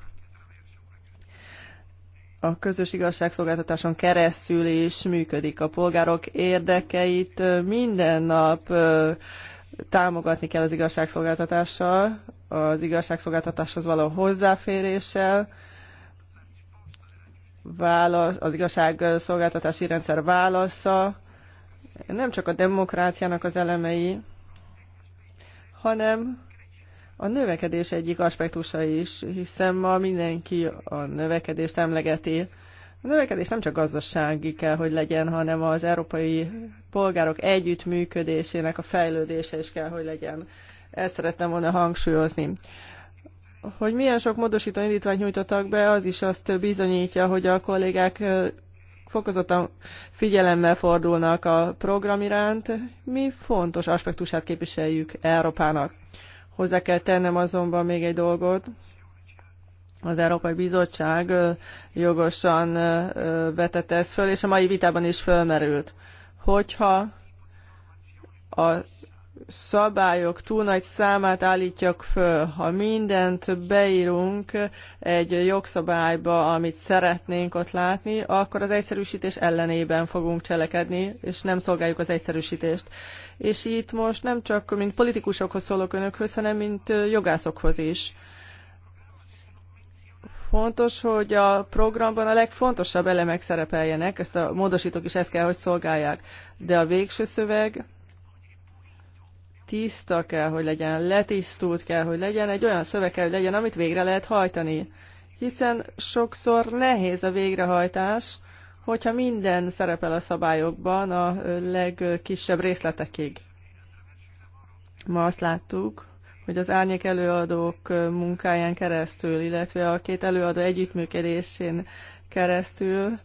a közös igazságszolgáltatáson keresztül is működik. A polgárok érdekeit minden nap támogatni kell az igazságszolgáltatással, az igazságszolgáltatáshoz való hozzáféréssel, válasz, az igazságszolgáltatási rendszer válasza, nem csak a demokráciának az elemei, hanem a növekedés egyik aspektusa is, hiszen ma mindenki a növekedést emlegeti. A növekedés nem csak gazdasági kell, hogy legyen, hanem az európai polgárok együttműködésének a fejlődése is kell, hogy legyen. Ezt szerettem volna hangsúlyozni. Hogy milyen sok módosító indítványt nyújtottak be, az is azt bizonyítja, hogy a kollégák fokozottan figyelemmel fordulnak a program iránt. Mi fontos aspektusát képviseljük Európának. Hozzá kell tennem azonban még egy dolgot. Az Európai Bizottság jogosan vetette ezt föl, és a mai vitában is fölmerült. Hogyha a szabályok túl nagy számát állítjak föl. Ha mindent beírunk egy jogszabályba, amit szeretnénk ott látni, akkor az egyszerűsítés ellenében fogunk cselekedni, és nem szolgáljuk az egyszerűsítést. És itt most nem csak mint politikusokhoz szólok önökhöz, hanem mint jogászokhoz is. Fontos, hogy a programban a legfontosabb elemek szerepeljenek, ezt a módosítók is ezt kell, hogy szolgálják. De a végső szöveg tiszta kell, hogy legyen, letisztult kell, hogy legyen, egy olyan szöveg kell, hogy legyen, amit végre lehet hajtani. Hiszen sokszor nehéz a végrehajtás, hogyha minden szerepel a szabályokban a legkisebb részletekig. Ma azt láttuk, hogy az árnyék előadók munkáján keresztül, illetve a két előadó együttműködésén keresztül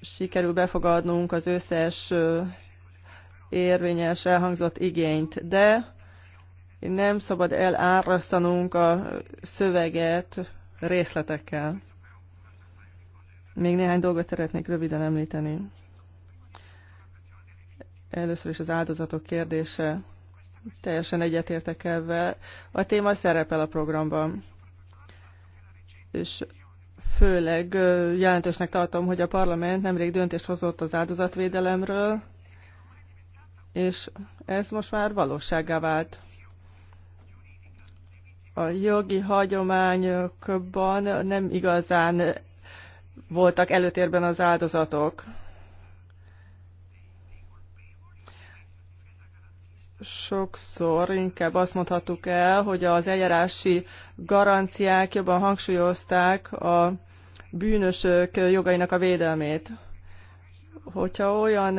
sikerül befogadnunk az összes érvényes elhangzott igényt, de nem szabad elárasztanunk a szöveget részletekkel. Még néhány dolgot szeretnék röviden említeni. Először is az áldozatok kérdése. Teljesen egyetértek ebben. A téma szerepel a programban. És főleg jelentősnek tartom, hogy a parlament nemrég döntést hozott az áldozatvédelemről, és ez most már valóságá vált. A jogi hagyományokban nem igazán voltak előtérben az áldozatok. sokszor inkább azt mondhattuk el, hogy az eljárási garanciák jobban hangsúlyozták a bűnösök jogainak a védelmét. Hogyha olyan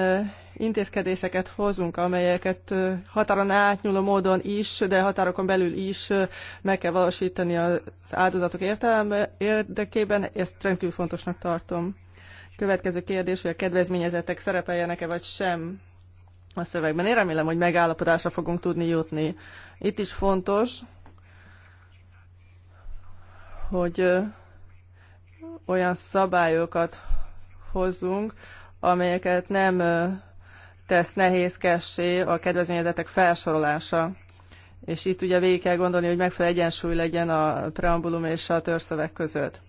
intézkedéseket hozunk, amelyeket határon átnyúló módon is, de határokon belül is meg kell valósítani az áldozatok értelme érdekében, ezt rendkívül fontosnak tartom. Következő kérdés, hogy a kedvezményezettek szerepeljenek-e vagy sem a szövegben. Én remélem, hogy megállapodásra fogunk tudni jutni. Itt is fontos, hogy olyan szabályokat hozzunk, amelyeket nem tesz nehézkessé a kedvezményezetek felsorolása. És itt ugye végig kell gondolni, hogy megfelelő egyensúly legyen a preambulum és a törszöveg között.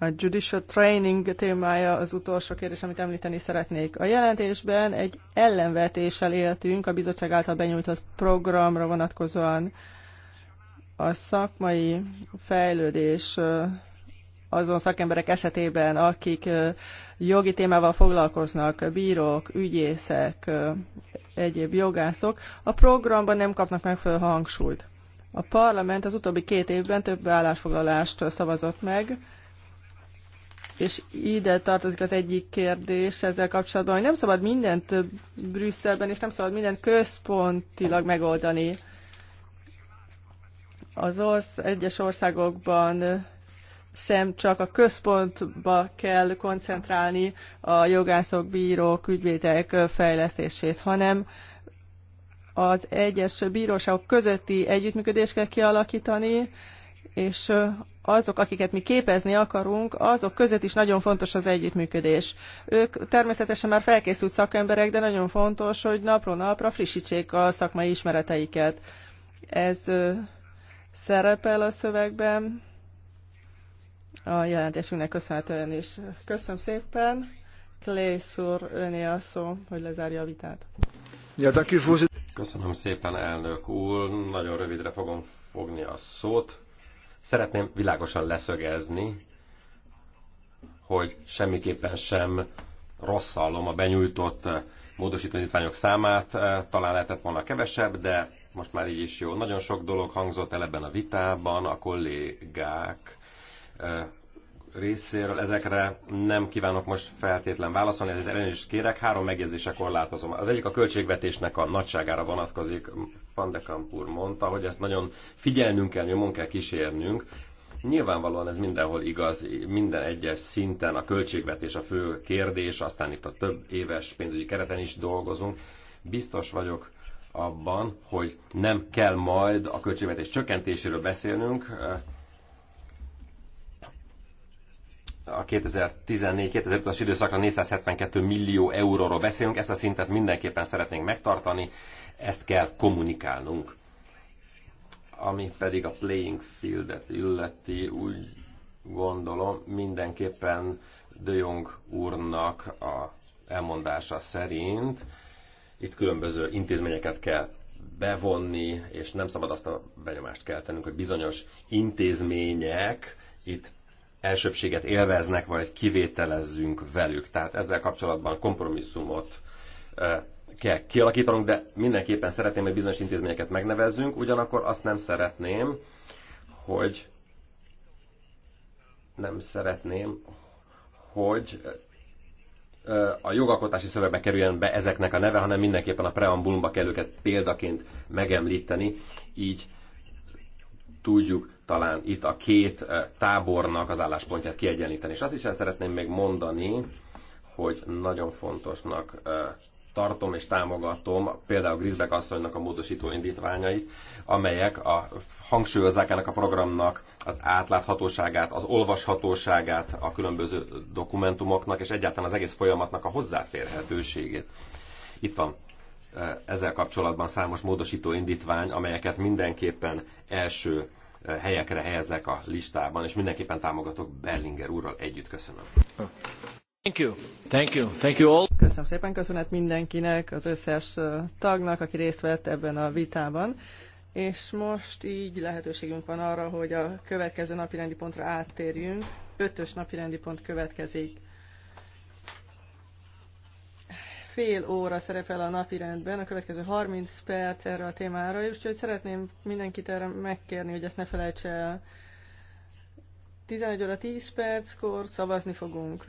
A judicial training témája az utolsó kérdés, amit említeni szeretnék. A jelentésben egy ellenvetéssel éltünk a bizottság által benyújtott programra vonatkozóan. A szakmai fejlődés azon szakemberek esetében, akik jogi témával foglalkoznak, bírók, ügyészek, egyéb jogászok, a programban nem kapnak megfelelő hangsúlyt. A parlament az utóbbi két évben több állásfoglalást szavazott meg, és ide tartozik az egyik kérdés ezzel kapcsolatban, hogy nem szabad mindent Brüsszelben, és nem szabad mindent központilag megoldani. Az orsz, egyes országokban sem csak a központba kell koncentrálni a jogászok, bírók, ügyvédek fejlesztését, hanem az egyes bíróságok közötti együttműködést kell kialakítani, és azok, akiket mi képezni akarunk, azok között is nagyon fontos az együttműködés. Ők természetesen már felkészült szakemberek, de nagyon fontos, hogy napról napra frissítsék a szakmai ismereteiket. Ez szerepel a szövegben, a jelentésünknek köszönhetően is. Köszönöm szépen. Klész úr, öné a szó, hogy lezárja a vitát. Köszönöm szépen, elnök úr. Nagyon rövidre fogom fogni a szót. Szeretném világosan leszögezni, hogy semmiképpen sem rosszallom a benyújtott módosítványok számát, talán lehetett volna kevesebb, de most már így is jó. Nagyon sok dolog hangzott el ebben a vitában, a kollégák részéről. Ezekre nem kívánok most feltétlen válaszolni, ezért elnézést kérek. Három megjegyzése korlátozom. Az egyik a költségvetésnek a nagyságára vonatkozik. Van de Kampur mondta, hogy ezt nagyon figyelnünk kell, nyomon kell kísérnünk. Nyilvánvalóan ez mindenhol igaz, minden egyes szinten a költségvetés a fő kérdés, aztán itt a több éves pénzügyi kereten is dolgozunk. Biztos vagyok abban, hogy nem kell majd a költségvetés csökkentéséről beszélnünk, a 2014 2015 as időszakra 472 millió euróról beszélünk, ezt a szintet mindenképpen szeretnénk megtartani, ezt kell kommunikálnunk. Ami pedig a playing fieldet illeti, úgy gondolom mindenképpen De Jong úrnak a elmondása szerint itt különböző intézményeket kell bevonni, és nem szabad azt a benyomást keltenünk, hogy bizonyos intézmények itt elsőbséget élveznek, vagy kivételezzünk velük. Tehát ezzel kapcsolatban kompromisszumot kell kialakítanunk, de mindenképpen szeretném, hogy bizonyos intézményeket megnevezzünk, ugyanakkor azt nem szeretném, hogy nem szeretném, hogy a jogalkotási szövegbe kerüljen be ezeknek a neve, hanem mindenképpen a preambulumba kell őket példaként megemlíteni, így tudjuk talán itt a két eh, tábornak az álláspontját kiegyenlíteni. És azt is el szeretném még mondani, hogy nagyon fontosnak eh, tartom és támogatom például Grisbeck asszonynak a módosító indítványait, amelyek a, hangsúlyozzák ennek a programnak az átláthatóságát, az olvashatóságát a különböző dokumentumoknak, és egyáltalán az egész folyamatnak a hozzáférhetőségét. Itt van eh, ezzel kapcsolatban számos módosító indítvány, amelyeket mindenképpen első helyekre helyezzek a listában, és mindenképpen támogatok Berlinger úrral együtt. Köszönöm. Thank you. Thank you. Thank you all. Köszönöm szépen, köszönet mindenkinek, az összes tagnak, aki részt vett ebben a vitában. És most így lehetőségünk van arra, hogy a következő napirendi pontra áttérjünk. Ötös napirendi pont következik. fél óra szerepel a napirendben, a következő 30 perc erre a témára, és úgyhogy szeretném mindenkit erre megkérni, hogy ezt ne felejtse el. 11 óra 10 perckor szavazni fogunk.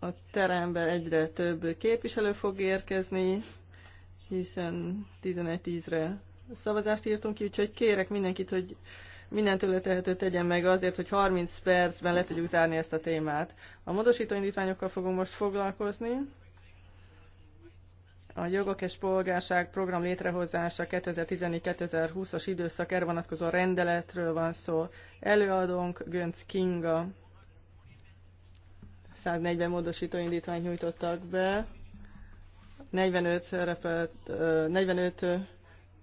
A terembe egyre több képviselő fog érkezni, hiszen 11-10-re szavazást írtunk ki, úgyhogy kérek mindenkit, hogy minden tőle tegyen meg azért, hogy 30 percben le tudjuk zárni ezt a témát. A módosító indítványokkal fogunk most foglalkozni. A jogok és polgárság program létrehozása 2014-2020-as időszak erre vonatkozó rendeletről van szó. Előadónk Gönc Kinga. 140 módosító indítványt nyújtottak be. 45 szerepet, 45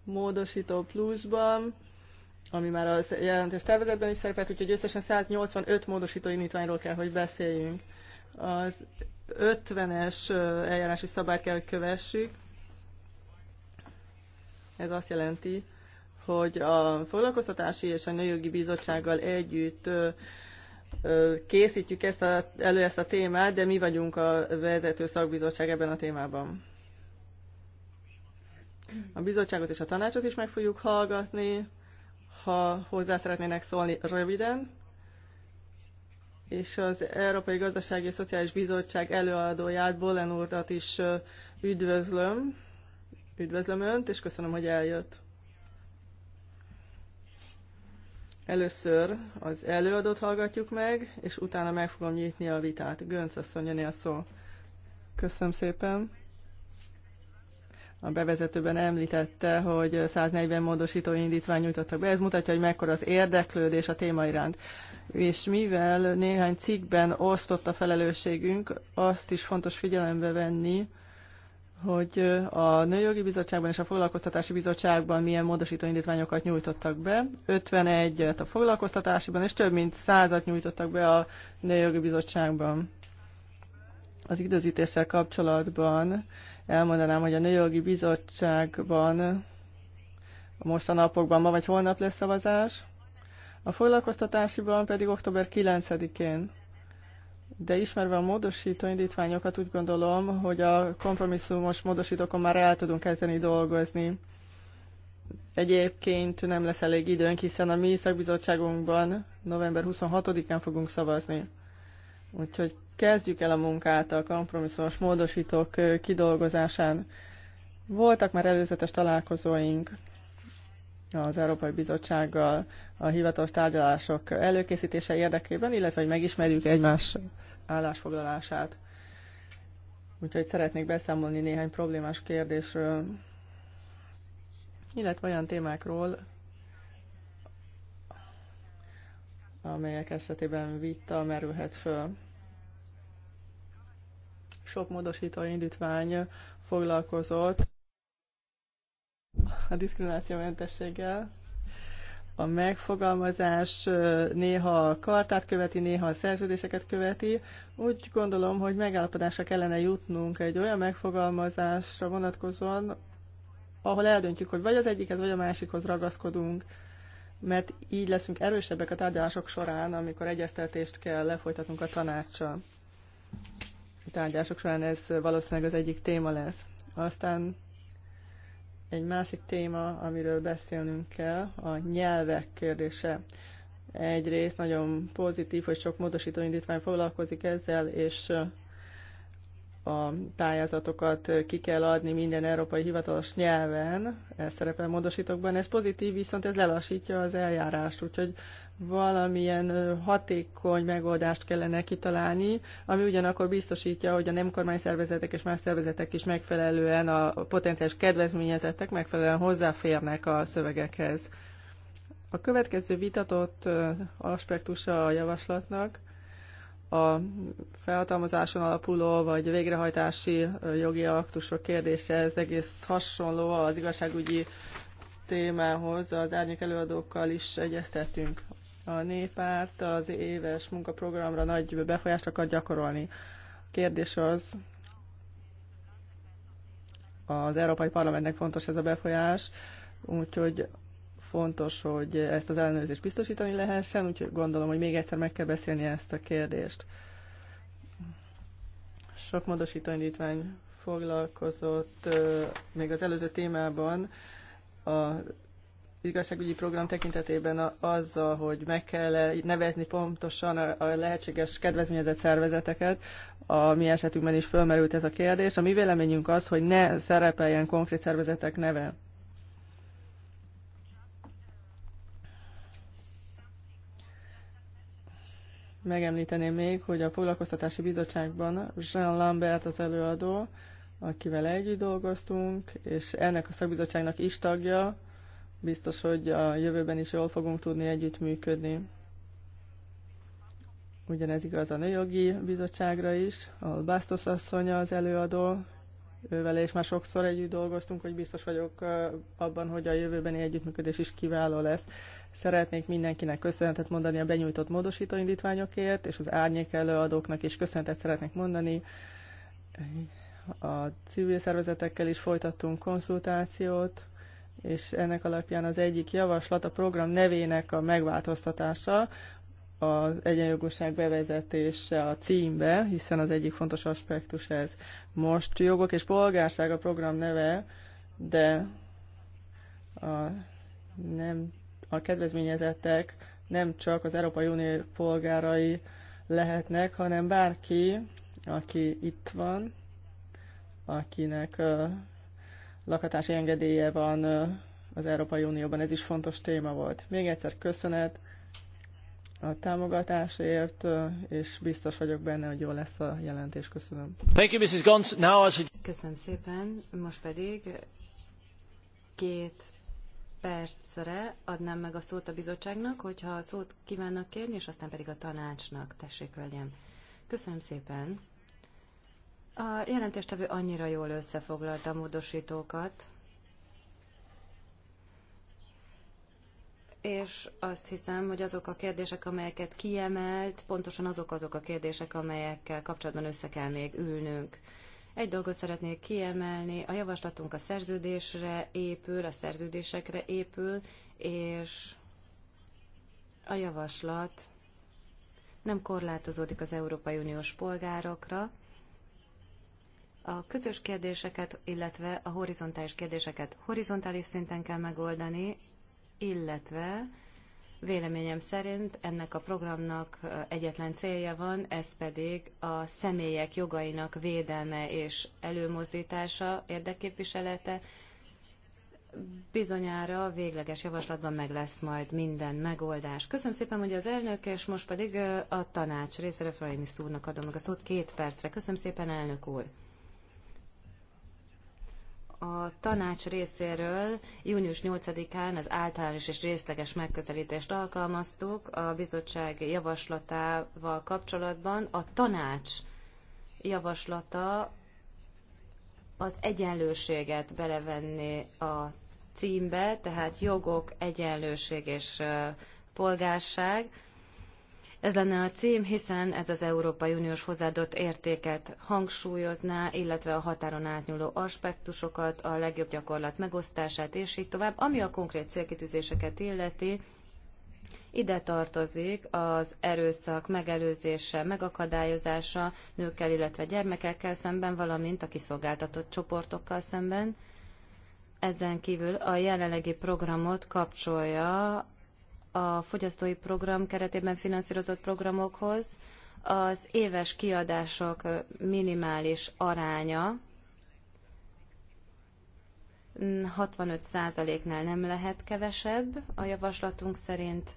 módosító pluszban, ami már a jelentős tervezetben is szerepelt, úgyhogy összesen 185 módosító indítványról kell, hogy beszéljünk. Az 50-es eljárási szabály kell, hogy kövessük. Ez azt jelenti, hogy a foglalkoztatási és a nőjogi bizottsággal együtt készítjük ezt a, elő ezt a témát, de mi vagyunk a vezető szakbizottság ebben a témában. A bizottságot és a tanácsot is meg fogjuk hallgatni, ha hozzá szeretnének szólni röviden, és az Európai Gazdasági és Szociális Bizottság előadóját, Bolen úrat is üdvözlöm. Üdvözlöm Önt, és köszönöm, hogy eljött. Először az előadót hallgatjuk meg, és utána meg fogom nyitni a vitát. Gönc asszony, a szó. Köszönöm szépen a bevezetőben említette, hogy 140 módosító indítvány nyújtottak be. Ez mutatja, hogy mekkora az érdeklődés a téma iránt. És mivel néhány cikkben osztott a felelősségünk, azt is fontos figyelembe venni, hogy a Nőjogi Bizottságban és a Foglalkoztatási Bizottságban milyen módosító indítványokat nyújtottak be. 51-et a Foglalkoztatásiban, és több mint 100-at nyújtottak be a Nőjogi Bizottságban. Az időzítéssel kapcsolatban elmondanám, hogy a Nőjogi Bizottságban most a napokban, ma vagy holnap lesz szavazás, a foglalkoztatásiban pedig október 9-én. De ismerve a módosító indítványokat úgy gondolom, hogy a kompromisszumos módosítókon már el tudunk kezdeni dolgozni. Egyébként nem lesz elég időnk, hiszen a mi szakbizottságunkban november 26-án fogunk szavazni. Úgyhogy kezdjük el a munkát a kompromisszumos módosítók kidolgozásán. Voltak már előzetes találkozóink az Európai Bizottsággal a hivatalos tárgyalások előkészítése érdekében, illetve hogy megismerjük egymás állásfoglalását. Úgyhogy szeretnék beszámolni néhány problémás kérdésről, illetve olyan témákról, amelyek esetében vita merülhet föl sok módosító indítvány foglalkozott a diszkriminációmentességgel. A megfogalmazás néha a kartát követi, néha a szerződéseket követi. Úgy gondolom, hogy megállapodásra kellene jutnunk egy olyan megfogalmazásra vonatkozóan, ahol eldöntjük, hogy vagy az egyiket, vagy a másikhoz ragaszkodunk, mert így leszünk erősebbek a tárgyalások során, amikor egyeztetést kell lefolytatnunk a tanácssal tárgyások során ez valószínűleg az egyik téma lesz. Aztán egy másik téma, amiről beszélnünk kell, a nyelvek kérdése. Egyrészt nagyon pozitív, hogy sok módosító indítvány foglalkozik ezzel, és a pályázatokat ki kell adni minden európai hivatalos nyelven, ez szerepel módosítókban. Ez pozitív, viszont ez lelassítja az eljárást, úgyhogy valamilyen hatékony megoldást kellene kitalálni, ami ugyanakkor biztosítja, hogy a nem szervezetek és más szervezetek is megfelelően a potenciális kedvezményezettek megfelelően hozzáférnek a szövegekhez. A következő vitatott aspektusa a javaslatnak a felhatalmazáson alapuló vagy végrehajtási jogi aktusok kérdése, ez egész hasonló az igazságügyi témához, az árnyék előadókkal is egyeztetünk. A néppárt az éves munkaprogramra nagy befolyást akar gyakorolni. Kérdés az, az Európai Parlamentnek fontos ez a befolyás, úgyhogy fontos, hogy ezt az ellenőrzést biztosítani lehessen, úgyhogy gondolom, hogy még egyszer meg kell beszélni ezt a kérdést. Sok módosító indítvány foglalkozott még az előző témában a igazságügyi program tekintetében azzal, hogy meg kell nevezni pontosan a lehetséges kedvezményezett szervezeteket, a mi esetünkben is fölmerült ez a kérdés. A mi véleményünk az, hogy ne szerepeljen konkrét szervezetek neve. Megemlíteném még, hogy a foglalkoztatási bizottságban Jean Lambert az előadó, akivel együtt dolgoztunk, és ennek a szakbizottságnak is tagja, Biztos, hogy a jövőben is jól fogunk tudni együttműködni. Ugyanez igaz a Nőjogi Bizottságra is, a Bastos asszony az előadó, ővel és már sokszor együtt dolgoztunk, hogy biztos vagyok abban, hogy a jövőbeni együttműködés is kiváló lesz. Szeretnék mindenkinek köszönetet mondani a benyújtott módosító indítványokért, és az árnyék előadóknak is köszönetet szeretnék mondani. A civil szervezetekkel is folytattunk konzultációt és ennek alapján az egyik javaslat a program nevének a megváltoztatása, az egyenjogúság bevezetése a címbe, hiszen az egyik fontos aspektus ez. Most jogok és polgárság a program neve, de a, nem, a kedvezményezettek nem csak az Európai Unió polgárai lehetnek, hanem bárki, aki itt van, akinek lakhatási engedélye van az Európai Unióban, ez is fontos téma volt. Még egyszer köszönet a támogatásért, és biztos vagyok benne, hogy jó lesz a jelentés. Köszönöm. Thank you, Mrs. Gons. Now as... Köszönöm szépen. Most pedig két percre adnám meg a szót a bizottságnak, hogyha a szót kívánnak kérni, és aztán pedig a tanácsnak. Tessék, hölgyem. Köszönöm szépen. A jelentéstevő annyira jól összefoglalta a módosítókat, és azt hiszem, hogy azok a kérdések, amelyeket kiemelt, pontosan azok azok a kérdések, amelyekkel kapcsolatban össze kell még ülnünk. Egy dolgot szeretnék kiemelni, a javaslatunk a szerződésre épül, a szerződésekre épül, és a javaslat nem korlátozódik az Európai Uniós polgárokra, a közös kérdéseket, illetve a horizontális kérdéseket horizontális szinten kell megoldani, illetve véleményem szerint ennek a programnak egyetlen célja van, ez pedig a személyek jogainak védelme és előmozdítása, érdekképviselete. Bizonyára végleges javaslatban meg lesz majd minden megoldás. Köszönöm szépen, hogy az elnök, és most pedig a tanács részére Frainis úrnak adom meg a szót két percre. Köszönöm szépen, elnök úr! a tanács részéről június 8-án az általános és részleges megközelítést alkalmaztuk a bizottság javaslatával kapcsolatban. A tanács javaslata az egyenlőséget belevenni a címbe, tehát jogok, egyenlőség és polgárság ez lenne a cím, hiszen ez az Európai Uniós hozzáadott értéket hangsúlyozná, illetve a határon átnyúló aspektusokat, a legjobb gyakorlat megosztását, és így tovább. Ami a konkrét célkitűzéseket illeti, ide tartozik az erőszak megelőzése, megakadályozása nőkkel, illetve gyermekekkel szemben, valamint a kiszolgáltatott csoportokkal szemben. Ezen kívül a jelenlegi programot kapcsolja a fogyasztói program keretében finanszírozott programokhoz az éves kiadások minimális aránya 65%-nál nem lehet kevesebb a javaslatunk szerint,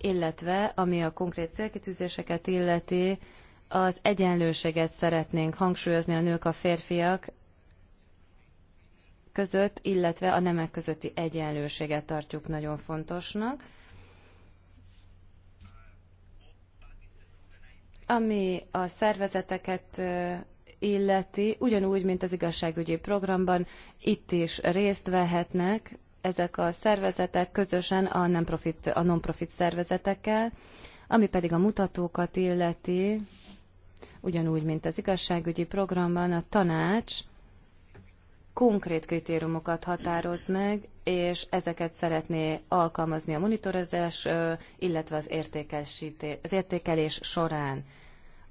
illetve ami a konkrét célkitűzéseket illeti, az egyenlőséget szeretnénk hangsúlyozni a nők a férfiak között, illetve a nemek közötti egyenlőséget tartjuk nagyon fontosnak. Ami a szervezeteket illeti, ugyanúgy, mint az igazságügyi programban, itt is részt vehetnek ezek a szervezetek közösen a non-profit, a non-profit szervezetekkel, ami pedig a mutatókat illeti, ugyanúgy, mint az igazságügyi programban, a tanács konkrét kritériumokat határoz meg, és ezeket szeretné alkalmazni a monitorozás, illetve az, az értékelés során.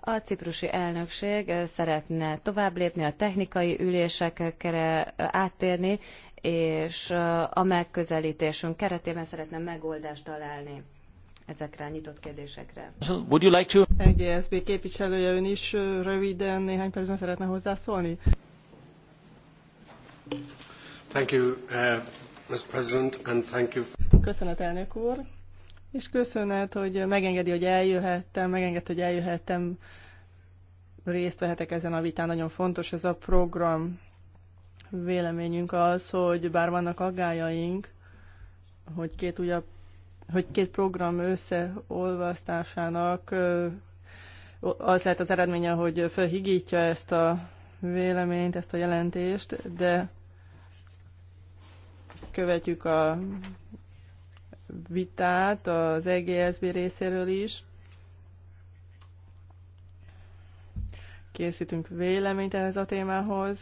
A ciprusi elnökség eh, szeretne tovább lépni, a technikai ülésekre eh, áttérni, és eh, a megközelítésünk keretében szeretne megoldást találni ezekre a nyitott kérdésekre. Would you like to? EGSB képviselője ön is röviden néhány percben szeretne hozzászólni? Thank you, uh, Mr. President, and thank you. Köszönet, elnök úr és köszönet, hogy megengedi, hogy eljöhettem, megengedte, hogy eljöhettem, részt vehetek ezen a vitán. Nagyon fontos ez a program. Véleményünk az, hogy bár vannak aggájaink, hogy két, újabb, hogy két program összeolvasztásának az lehet az eredménye, hogy felhigítja ezt a véleményt, ezt a jelentést, de követjük a vitát az EGSB részéről is. Készítünk véleményt ehhez a témához.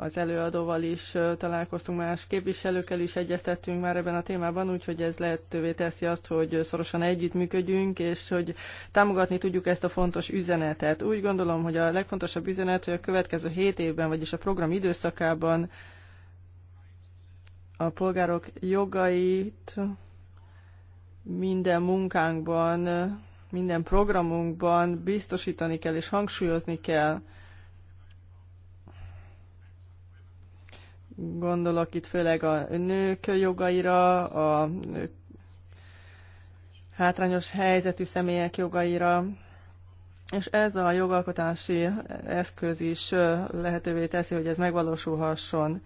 Az előadóval is találkoztunk, más képviselőkkel is egyeztettünk már ebben a témában, úgyhogy ez lehetővé teszi azt, hogy szorosan együttműködjünk, és hogy támogatni tudjuk ezt a fontos üzenetet. Úgy gondolom, hogy a legfontosabb üzenet, hogy a következő hét évben, vagyis a program időszakában a polgárok jogait minden munkánkban, minden programunkban biztosítani kell és hangsúlyozni kell. Gondolok itt főleg a nők jogaira, a nők hátrányos helyzetű személyek jogaira, és ez a jogalkotási eszköz is lehetővé teszi, hogy ez megvalósulhasson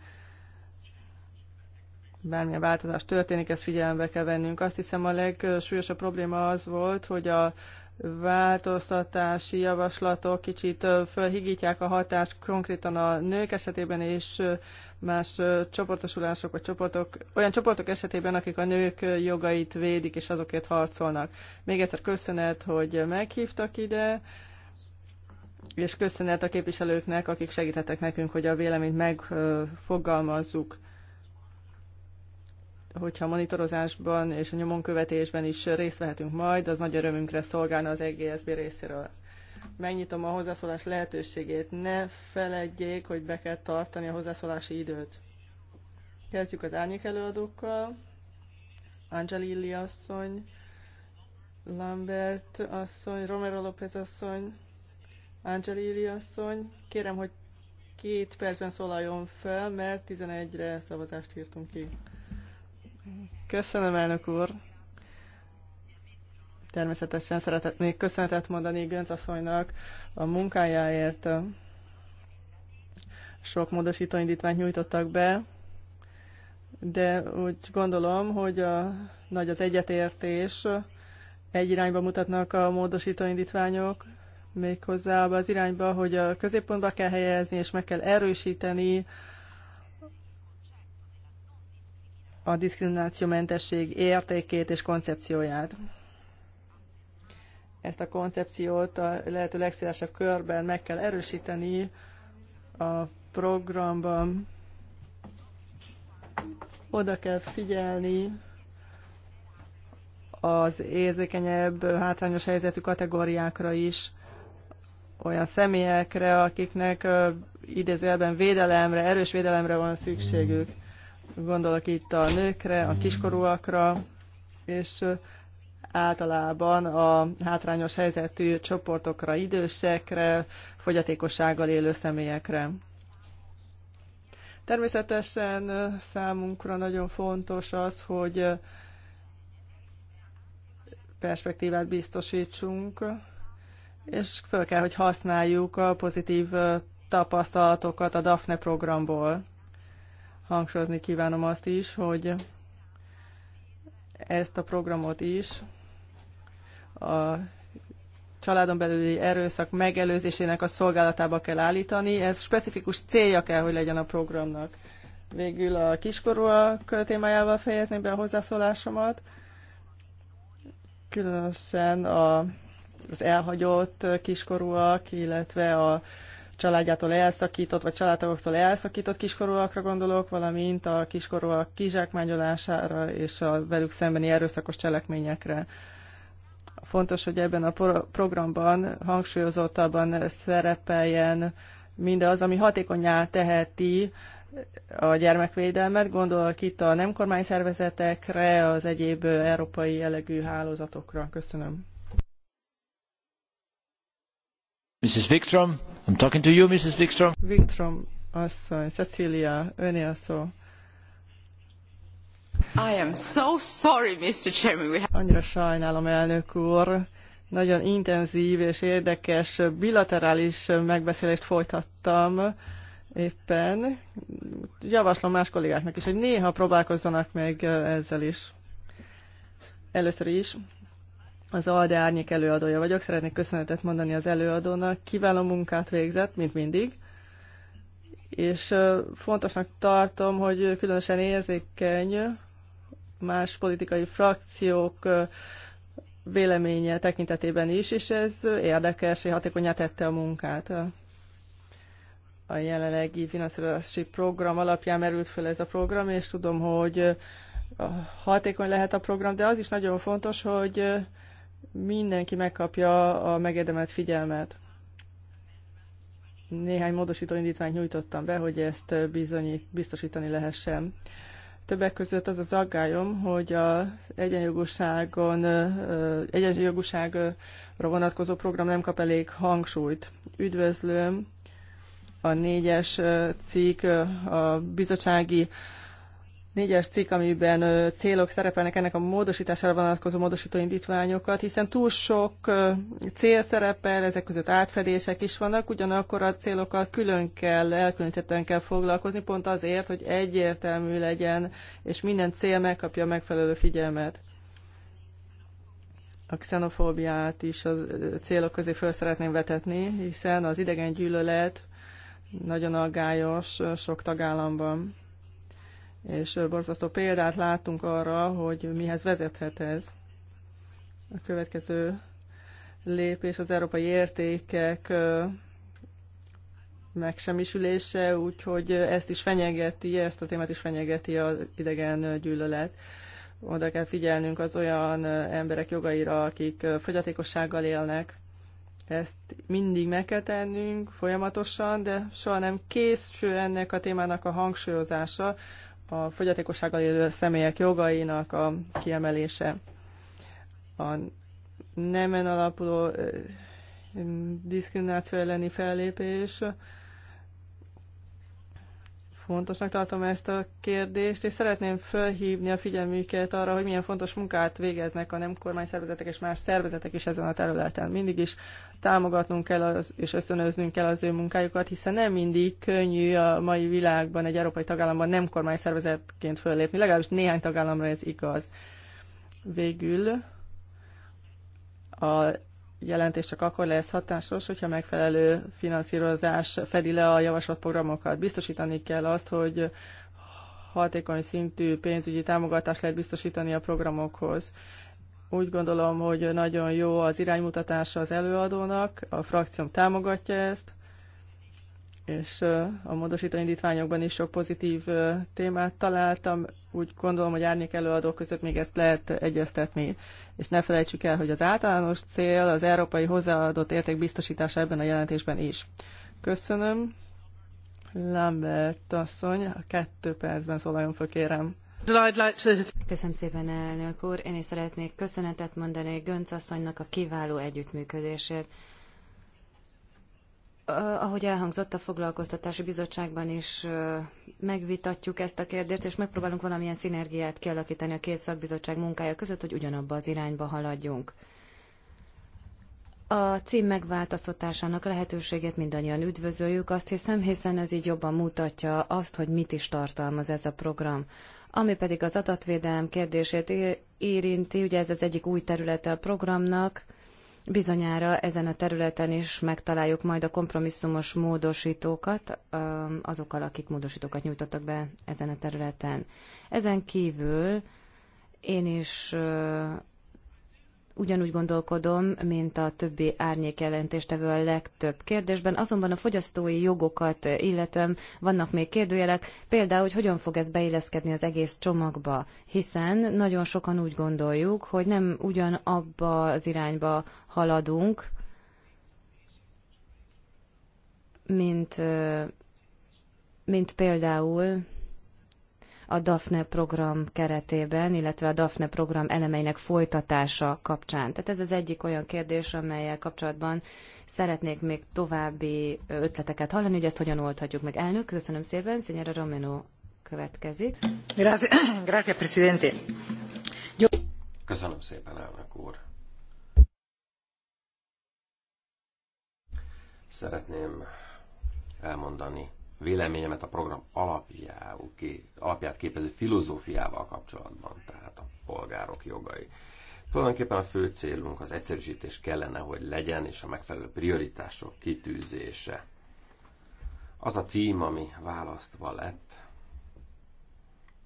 bármilyen változás történik, ezt figyelembe kell vennünk. Azt hiszem a legsúlyosabb probléma az volt, hogy a változtatási javaslatok kicsit fölhigítják a hatást konkrétan a nők esetében és más csoportosulások vagy csoportok, olyan csoportok esetében, akik a nők jogait védik és azokért harcolnak. Még egyszer köszönet, hogy meghívtak ide, és köszönet a képviselőknek, akik segítettek nekünk, hogy a véleményt megfogalmazzuk hogyha monitorozásban és a nyomonkövetésben is részt vehetünk majd, az nagy örömünkre szolgálna az EGSB részéről. Megnyitom a hozzászólás lehetőségét. Ne feledjék, hogy be kell tartani a hozzászólási időt. Kezdjük az árnyék előadókkal. Angelilli asszony, Lambert asszony, Romero López asszony, Angelilli asszony. Kérem, hogy két percben szólaljon fel, mert 11-re szavazást írtunk ki. Köszönöm, elnök úr. Természetesen szeretnék köszönetet mondani Gönc asszonynak a munkájáért. Sok módosító indítványt nyújtottak be, de úgy gondolom, hogy a, nagy az egyetértés, egy irányba mutatnak a módosító indítványok, méghozzá abba az irányba, hogy a középpontba kell helyezni, és meg kell erősíteni a diszkriminációmentesség értékét és koncepcióját. Ezt a koncepciót a lehető legszélesebb körben meg kell erősíteni a programban. Oda kell figyelni az érzékenyebb, hátrányos helyzetű kategóriákra is, olyan személyekre, akiknek idézőjelben védelemre, erős védelemre van szükségük Gondolok itt a nőkre, a kiskorúakra, és általában a hátrányos helyzetű csoportokra, idősekre, fogyatékossággal élő személyekre. Természetesen számunkra nagyon fontos az, hogy perspektívát biztosítsunk, és föl kell, hogy használjuk a pozitív tapasztalatokat a DAFNE programból. Hangsúlyozni kívánom azt is, hogy ezt a programot is a családon belüli erőszak megelőzésének a szolgálatába kell állítani. Ez specifikus célja kell, hogy legyen a programnak. Végül a kiskorúak témájával fejezném be a hozzászólásomat. Különösen a, az elhagyott kiskorúak, illetve a családjától elszakított, vagy családtagoktól elszakított kiskorúakra gondolok, valamint a kiskorúak kizsákmányolására és a velük szembeni erőszakos cselekményekre. Fontos, hogy ebben a programban hangsúlyozottabban szerepeljen mindaz, ami hatékonyá teheti a gyermekvédelmet, gondolok itt a nem kormányszervezetekre, az egyéb európai jellegű hálózatokra. Köszönöm. Mrs. Wikström, I'm talking to you, Mrs. Wikström. Wikström asszony, Cecilia, öné a szó. I am so sorry, Mr. Chairman. We have... Annyira sajnálom, elnök úr. Nagyon intenzív és érdekes bilaterális megbeszélést folytattam éppen. Javaslom más kollégáknak is, hogy néha próbálkozzanak meg ezzel is. Először is az ALDE árnyék előadója vagyok, szeretnék köszönetet mondani az előadónak, kiváló munkát végzett, mint mindig, és fontosnak tartom, hogy különösen érzékeny más politikai frakciók véleménye tekintetében is, és ez érdekes, és hatékonyá tette a munkát. A jelenlegi finanszírozási program alapján merült fel ez a program, és tudom, hogy hatékony lehet a program, de az is nagyon fontos, hogy mindenki megkapja a megérdemelt figyelmet. Néhány módosító indítványt nyújtottam be, hogy ezt bizonyít, biztosítani lehessen. Többek között az az aggályom, hogy az egyenjogúságon, egyenjogúságra vonatkozó program nem kap elég hangsúlyt. Üdvözlöm a négyes cikk a bizottsági négyes cikk, amiben célok szerepelnek ennek a módosítására vonatkozó módosító indítványokat, hiszen túl sok cél szerepel, ezek között átfedések is vannak, ugyanakkor a célokkal külön kell, elkülönítetten kell foglalkozni, pont azért, hogy egyértelmű legyen, és minden cél megkapja megfelelő figyelmet. A xenofóbiát is a célok közé föl szeretném vetetni, hiszen az idegen gyűlölet nagyon aggályos sok tagállamban és borzasztó példát látunk arra, hogy mihez vezethet ez. A következő lépés az európai értékek megsemmisülése, úgyhogy ezt is fenyegeti, ezt a témát is fenyegeti az idegen gyűlölet. Oda kell figyelnünk az olyan emberek jogaira, akik fogyatékossággal élnek. Ezt mindig meg kell tennünk folyamatosan, de soha nem kész ennek a témának a hangsúlyozása, a fogyatékossággal élő személyek jogainak a kiemelése, a nemen alapuló diszkrimináció elleni fellépés. Fontosnak tartom ezt a kérdést, és szeretném felhívni a figyelmüket arra, hogy milyen fontos munkát végeznek a nem szervezetek és más szervezetek is ezen a területen. Mindig is támogatnunk kell az, és ösztönöznünk kell az ő munkájukat, hiszen nem mindig könnyű a mai világban egy európai tagállamban nem kormányszervezetként föllépni, legalábbis néhány tagállamra ez igaz. Végül a jelentés csak akkor lesz hatásos, hogyha megfelelő finanszírozás fedi le a javasolt programokat. Biztosítani kell azt, hogy hatékony szintű pénzügyi támogatást lehet biztosítani a programokhoz úgy gondolom, hogy nagyon jó az iránymutatása az előadónak, a frakcióm támogatja ezt, és a módosító indítványokban is sok pozitív témát találtam. Úgy gondolom, hogy árnyék előadók között még ezt lehet egyeztetni. És ne felejtsük el, hogy az általános cél az európai hozzáadott érték biztosítása ebben a jelentésben is. Köszönöm. Lambert asszony, a kettő percben szólaljon fel, kérem. Köszönöm szépen, elnök úr. Én is szeretnék köszönetet mondani Gönc asszonynak a kiváló együttműködésért. Ahogy elhangzott, a foglalkoztatási bizottságban is megvitatjuk ezt a kérdést, és megpróbálunk valamilyen szinergiát kialakítani a két szakbizottság munkája között, hogy ugyanabba az irányba haladjunk a cím megváltoztatásának lehetőségét mindannyian üdvözöljük, azt hiszem, hiszen ez így jobban mutatja azt, hogy mit is tartalmaz ez a program. Ami pedig az adatvédelem kérdését érinti, ugye ez az egyik új területe a programnak, bizonyára ezen a területen is megtaláljuk majd a kompromisszumos módosítókat, azokkal, akik módosítókat nyújtottak be ezen a területen. Ezen kívül én is ugyanúgy gondolkodom, mint a többi árnyék jelentéstevő a legtöbb kérdésben, azonban a fogyasztói jogokat illetően vannak még kérdőjelek, például, hogy hogyan fog ez beilleszkedni az egész csomagba, hiszen nagyon sokan úgy gondoljuk, hogy nem ugyanabba az irányba haladunk, mint, mint például a DAFNE program keretében, illetve a DAFNE program elemeinek folytatása kapcsán. Tehát ez az egyik olyan kérdés, amelyel kapcsolatban szeretnék még további ötleteket hallani, hogy ezt hogyan oldhatjuk meg. Elnök, köszönöm szépen, Szenyera Romero következik. Grazie, (clears throat) grazie, presidente. Köszönöm szépen, elnök úr. Szeretném elmondani véleményemet a program alapjául, alapját képező filozófiával kapcsolatban, tehát a polgárok jogai. Tulajdonképpen a fő célunk az egyszerűsítés kellene, hogy legyen, és a megfelelő prioritások kitűzése. Az a cím, ami választva lett,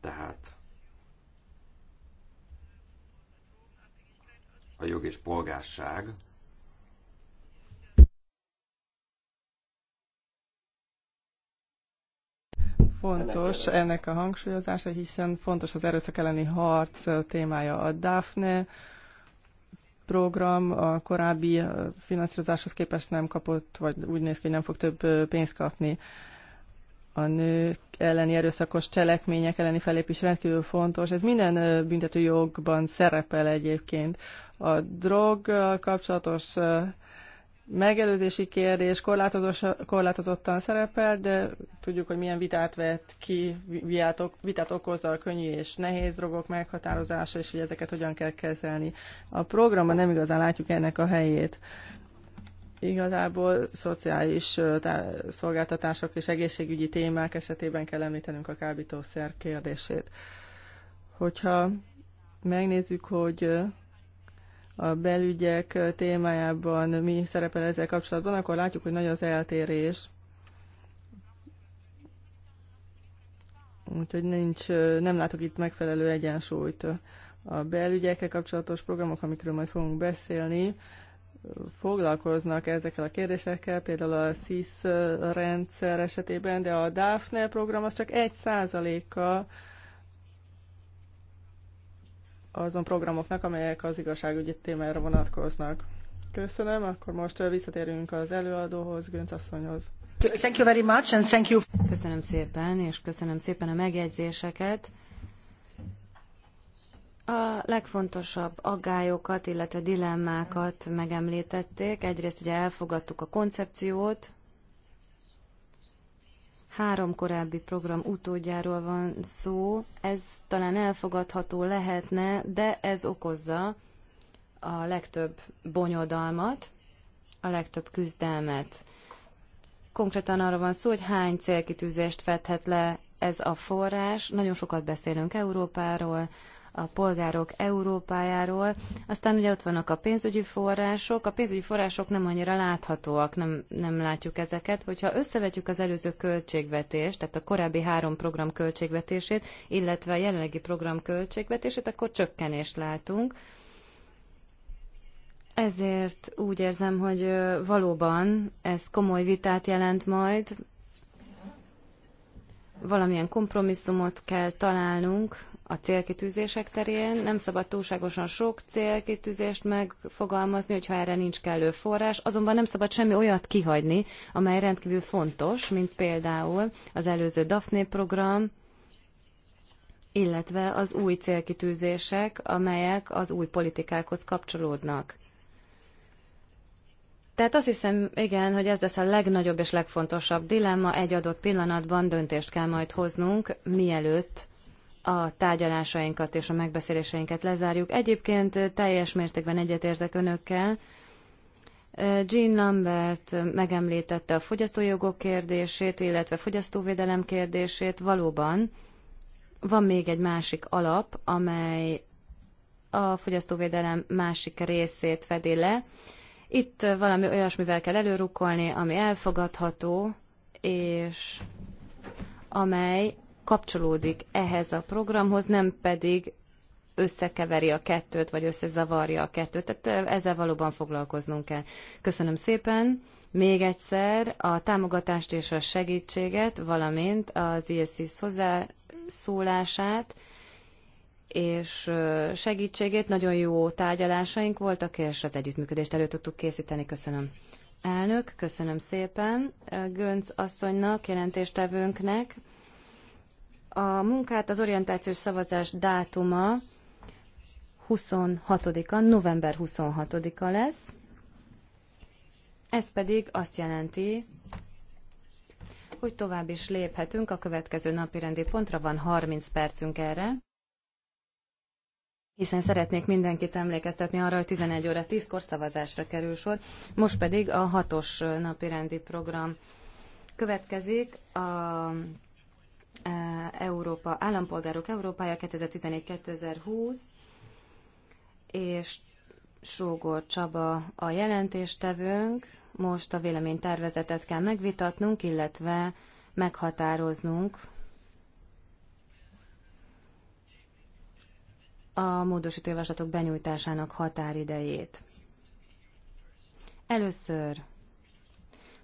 tehát a jog és polgárság fontos ennek a hangsúlyozása, hiszen fontos az erőszak elleni harc témája a Daphne program a korábbi finanszírozáshoz képest nem kapott, vagy úgy néz ki, hogy nem fog több pénzt kapni. A nők elleni erőszakos cselekmények elleni felépés rendkívül fontos. Ez minden büntetőjogban szerepel egyébként. A drog kapcsolatos megelőzési kérdés korlátozottan szerepel, de tudjuk, hogy milyen vitát vett ki, vitát, okozza a könnyű és nehéz drogok meghatározása, és hogy ezeket hogyan kell kezelni. A programban nem igazán látjuk ennek a helyét. Igazából szociális szolgáltatások és egészségügyi témák esetében kell említenünk a kábítószer kérdését. Hogyha megnézzük, hogy a belügyek témájában mi szerepel ezzel kapcsolatban, akkor látjuk, hogy nagy az eltérés. Úgyhogy nincs, nem látok itt megfelelő egyensúlyt. A belügyekkel kapcsolatos programok, amikről majd fogunk beszélni, foglalkoznak ezekkel a kérdésekkel, például a SIS rendszer esetében, de a DAFNE program az csak egy százaléka azon programoknak, amelyek az igazságügyi témára vonatkoznak. Köszönöm, akkor most visszatérünk az előadóhoz, Gönc asszonyhoz. Thank you very much, and thank you. Köszönöm szépen, és köszönöm szépen a megjegyzéseket. A legfontosabb aggályokat, illetve dilemmákat megemlítették. Egyrészt ugye elfogadtuk a koncepciót, három korábbi program utódjáról van szó. Ez talán elfogadható lehetne, de ez okozza a legtöbb bonyodalmat, a legtöbb küzdelmet. Konkrétan arra van szó, hogy hány célkitűzést fedhet le ez a forrás. Nagyon sokat beszélünk Európáról, a polgárok Európájáról. Aztán ugye ott vannak a pénzügyi források. A pénzügyi források nem annyira láthatóak, nem, nem látjuk ezeket. Hogyha összevetjük az előző költségvetést, tehát a korábbi három program költségvetését, illetve a jelenlegi program költségvetését, akkor csökkenést látunk. Ezért úgy érzem, hogy valóban ez komoly vitát jelent majd. Valamilyen kompromisszumot kell találnunk a célkitűzések terén. Nem szabad túlságosan sok célkitűzést megfogalmazni, hogyha erre nincs kellő forrás, azonban nem szabad semmi olyat kihagyni, amely rendkívül fontos, mint például az előző daphne program, illetve az új célkitűzések, amelyek az új politikákhoz kapcsolódnak. Tehát azt hiszem, igen, hogy ez lesz a legnagyobb és legfontosabb dilemma. Egy adott pillanatban döntést kell majd hoznunk, mielőtt a tárgyalásainkat és a megbeszéléseinket lezárjuk. Egyébként teljes mértékben egyetérzek önökkel. Jean Lambert megemlítette a fogyasztójogok kérdését, illetve fogyasztóvédelem kérdését. Valóban van még egy másik alap, amely a fogyasztóvédelem másik részét fedi le. Itt valami olyasmivel kell előrukkolni, ami elfogadható, és amely kapcsolódik ehhez a programhoz, nem pedig összekeveri a kettőt, vagy összezavarja a kettőt. Tehát ezzel valóban foglalkoznunk kell. Köszönöm szépen. Még egyszer a támogatást és a segítséget, valamint az ISIS hozzászólását és segítségét. Nagyon jó tárgyalásaink voltak, és az együttműködést elő tudtuk készíteni. Köszönöm. Elnök, köszönöm szépen Gönc asszonynak, jelentéstevőnknek a munkát. Az orientációs szavazás dátuma 26-a, november 26-a lesz. Ez pedig azt jelenti, hogy tovább is léphetünk. A következő napi rendi pontra van 30 percünk erre. Hiszen szeretnék mindenkit emlékeztetni arra, hogy 11 óra 10-kor szavazásra kerül sor. Most pedig a hatos napi rendi program következik. A Európa, Állampolgárok Európája 2014-2020, és Sógor Csaba a jelentéstevőnk. Most a véleménytervezetet kell megvitatnunk, illetve meghatároznunk a módosító javaslatok benyújtásának határidejét. Először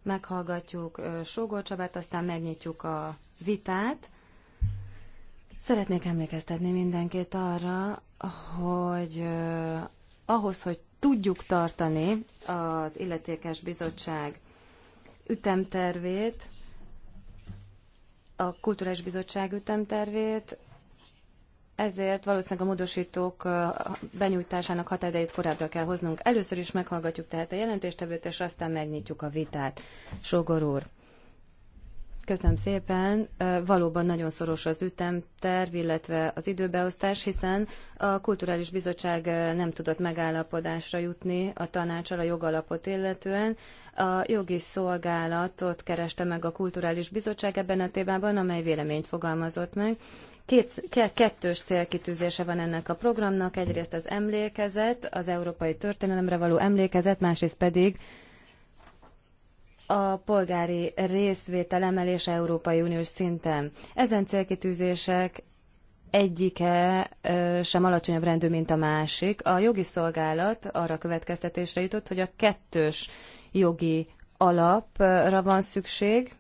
meghallgatjuk Sógor Csabát, aztán megnyitjuk a vitát. Szeretnék emlékeztetni mindenkit arra, hogy ahhoz, hogy tudjuk tartani az illetékes bizottság ütemtervét, a Kulturális Bizottság ütemtervét, ezért valószínűleg a módosítók benyújtásának határidejét korábbra kell hoznunk. Először is meghallgatjuk tehát a jelentéstevőt, és aztán megnyitjuk a vitát. Sogor úr. Köszönöm szépen. Valóban nagyon szoros az ütemterv, illetve az időbeosztás, hiszen a Kulturális Bizottság nem tudott megállapodásra jutni a tanácsal a jogalapot illetően. A jogi szolgálatot kereste meg a Kulturális Bizottság ebben a témában, amely véleményt fogalmazott meg. Két, kettős célkitűzése van ennek a programnak, egyrészt az emlékezet, az európai történelemre való emlékezet, másrészt pedig a polgári részvétel emelése Európai Uniós szinten. Ezen célkitűzések egyike sem alacsonyabb rendű, mint a másik. A jogi szolgálat arra következtetésre jutott, hogy a kettős jogi alapra van szükség.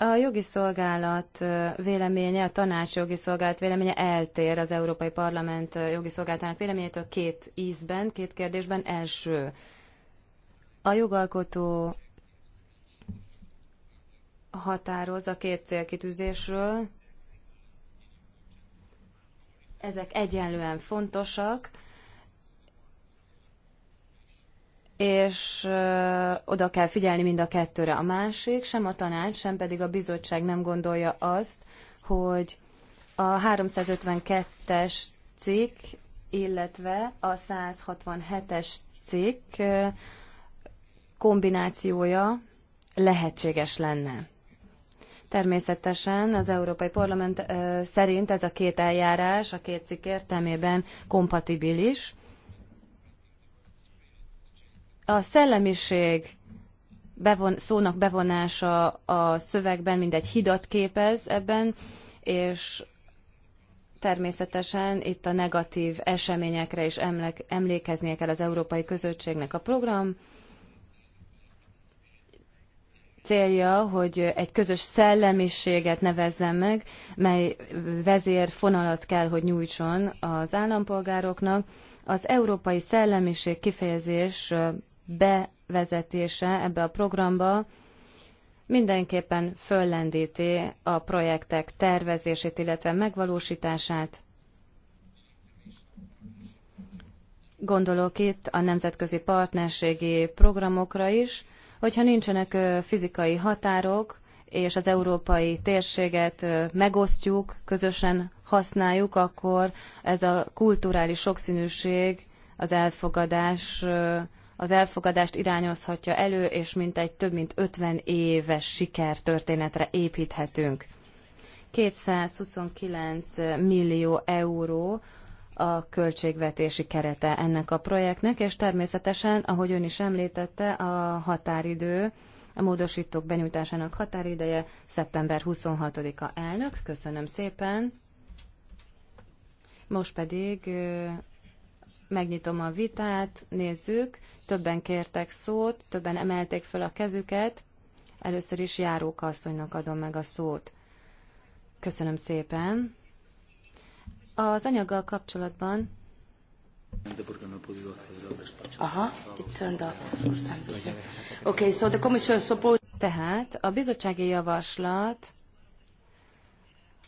A jogi szolgálat véleménye, a tanács jogi szolgálat véleménye eltér az Európai Parlament jogi szolgálatának véleményétől két ízben, két kérdésben. Első, a jogalkotó határoz a két célkitűzésről. Ezek egyenlően fontosak, és oda kell figyelni mind a kettőre. A másik, sem a tanács, sem pedig a bizottság nem gondolja azt, hogy a 352-es cikk, illetve a 167-es cikk kombinációja lehetséges lenne. Természetesen az Európai Parlament ö, szerint ez a két eljárás a két cikk értelmében kompatibilis. A szellemiség bevon, szónak bevonása a szövegben mindegy hidat képez ebben, és természetesen itt a negatív eseményekre is emlékeznie kell az európai közösségnek a program célja, hogy egy közös szellemiséget nevezzen meg, mely vezérfonalat kell, hogy nyújtson az állampolgároknak. Az európai szellemiség kifejezés bevezetése ebbe a programba mindenképpen föllendíti a projektek tervezését, illetve megvalósítását. Gondolok itt a nemzetközi partnerségi programokra is, Hogyha nincsenek fizikai határok, és az európai térséget megosztjuk, közösen használjuk, akkor ez a kulturális sokszínűség az elfogadás az elfogadást irányozhatja elő, és mintegy több mint 50 éves sikertörténetre építhetünk. 229 millió euró a költségvetési kerete ennek a projektnek, és természetesen, ahogy ön is említette, a határidő, a módosítók benyújtásának határideje szeptember 26-a elnök. Köszönöm szépen. Most pedig megnyitom a vitát, nézzük. Többen kértek szót, többen emelték föl a kezüket. Először is Járóka asszonynak adom meg a szót. Köszönöm szépen. Az anyaggal kapcsolatban Aha, it turned off for some reason. Okay, so the commission supposed... Tehát a bizottsági javaslat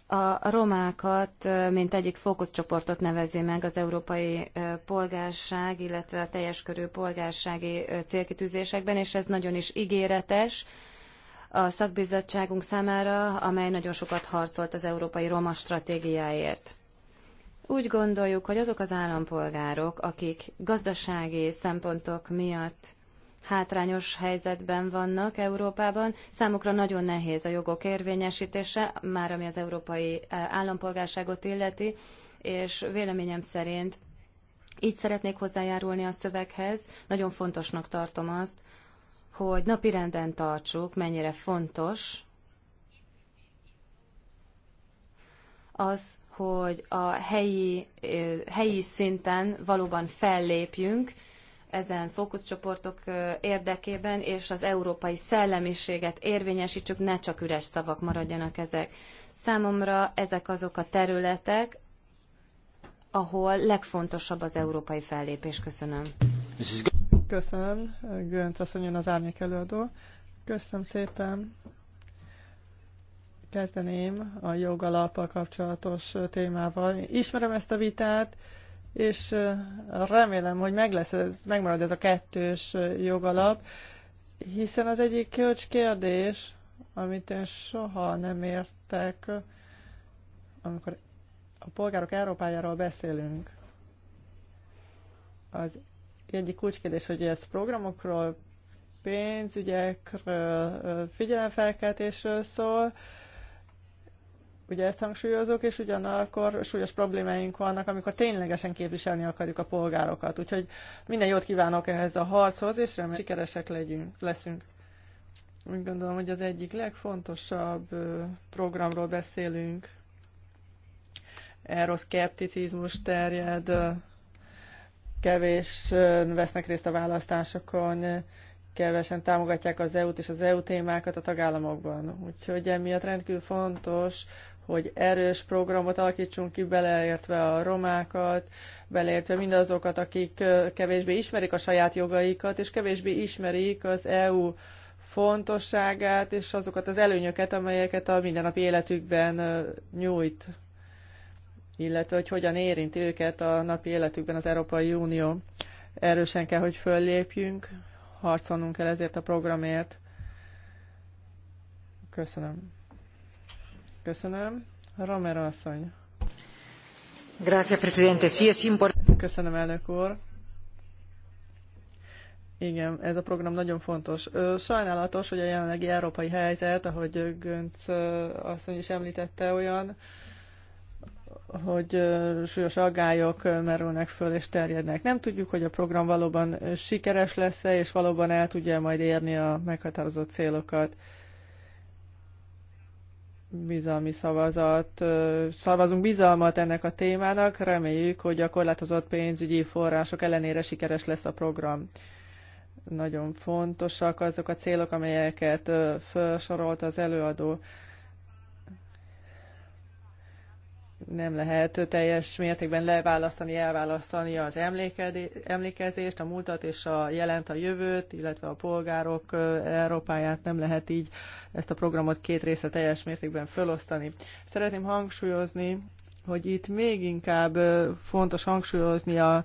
a romákat, mint egyik fókuszcsoportot nevezi meg az európai polgárság, illetve a teljes körű polgársági célkitűzésekben, és ez nagyon is ígéretes a szakbizottságunk számára, amely nagyon sokat harcolt az európai roma stratégiáért. Úgy gondoljuk, hogy azok az állampolgárok, akik gazdasági szempontok miatt hátrányos helyzetben vannak Európában. Számukra nagyon nehéz a jogok érvényesítése, már ami az európai e, állampolgárságot illeti, és véleményem szerint így szeretnék hozzájárulni a szöveghez. Nagyon fontosnak tartom azt, hogy napirenden tartsuk, mennyire fontos az, hogy a helyi, helyi szinten valóban fellépjünk ezen fókuszcsoportok érdekében, és az európai szellemiséget érvényesítsük, ne csak üres szavak maradjanak ezek. Számomra ezek azok a területek, ahol legfontosabb az európai fellépés. Köszönöm. Köszönöm. Gönc asszonyon az árnyék előadó. Köszönöm szépen. Kezdeném a jogalappal kapcsolatos témával. Ismerem ezt a vitát, és remélem, hogy meg lesz ez, megmarad ez a kettős jogalap, hiszen az egyik kölcskérdés, amit én soha nem értek, amikor a polgárok Európájáról beszélünk, az egyik kulcskérdés, hogy ez programokról, pénzügyekről, figyelemfelkeltésről szól, Ugye ezt hangsúlyozok, és ugyanakkor súlyos problémáink vannak, amikor ténylegesen képviselni akarjuk a polgárokat. Úgyhogy minden jót kívánok ehhez a harchoz, és remélem sikeresek legyünk, leszünk. Úgy gondolom, hogy az egyik legfontosabb programról beszélünk. szkepticizmus terjed, kevés vesznek részt a választásokon, kevesen támogatják az EU-t és az EU témákat a tagállamokban. Úgyhogy emiatt rendkívül fontos hogy erős programot alakítsunk ki, beleértve a romákat, beleértve mindazokat, akik kevésbé ismerik a saját jogaikat, és kevésbé ismerik az EU fontosságát, és azokat az előnyöket, amelyeket a mindennapi életükben nyújt, illetve hogy hogyan érinti őket a napi életükben az Európai Unió. Erősen kell, hogy föllépjünk, harcolnunk kell ezért a programért. Köszönöm. Köszönöm. Romero asszony. presidente. es Köszönöm, elnök úr. Igen, ez a program nagyon fontos. Sajnálatos, hogy a jelenlegi európai helyzet, ahogy Gönc asszony is említette, olyan, hogy súlyos aggályok merülnek föl és terjednek. Nem tudjuk, hogy a program valóban sikeres lesz-e, és valóban el tudja majd érni a meghatározott célokat bizalmi szavazat, szavazunk bizalmat ennek a témának, reméljük, hogy a korlátozott pénzügyi források ellenére sikeres lesz a program. Nagyon fontosak azok a célok, amelyeket felsorolt az előadó. nem lehet teljes mértékben leválasztani, elválasztani az emlékezést, a múltat és a jelent a jövőt, illetve a polgárok Európáját nem lehet így ezt a programot két része teljes mértékben felosztani. Szeretném hangsúlyozni, hogy itt még inkább fontos hangsúlyozni a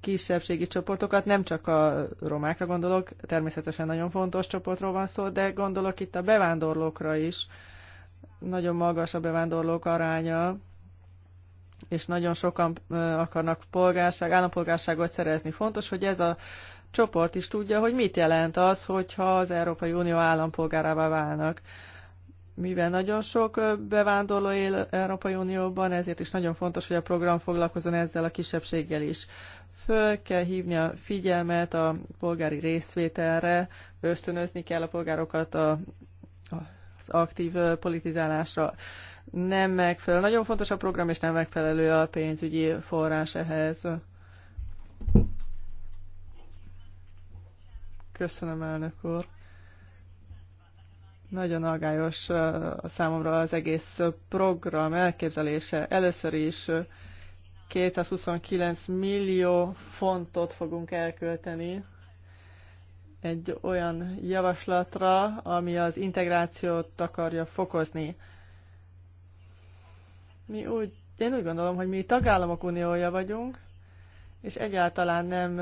kisebbségi csoportokat, nem csak a romákra gondolok, természetesen nagyon fontos csoportról van szó, de gondolok itt a bevándorlókra is. Nagyon magas a bevándorlók aránya, és nagyon sokan akarnak polgárság, állampolgárságot szerezni. Fontos, hogy ez a csoport is tudja, hogy mit jelent az, hogyha az Európai Unió állampolgárává válnak. Mivel nagyon sok bevándorló él Európai Unióban, ezért is nagyon fontos, hogy a program foglalkozon ezzel a kisebbséggel is. Föl kell hívni a figyelmet a polgári részvételre, ösztönözni kell a polgárokat a, az aktív politizálásra nem megfelelő. Nagyon fontos a program, és nem megfelelő a pénzügyi forrás ehhez. Köszönöm, elnök úr. Nagyon aggályos számomra az egész program elképzelése. Először is 229 millió fontot fogunk elkölteni egy olyan javaslatra, ami az integrációt akarja fokozni. Mi úgy, én úgy gondolom, hogy mi tagállamok uniója vagyunk, és egyáltalán nem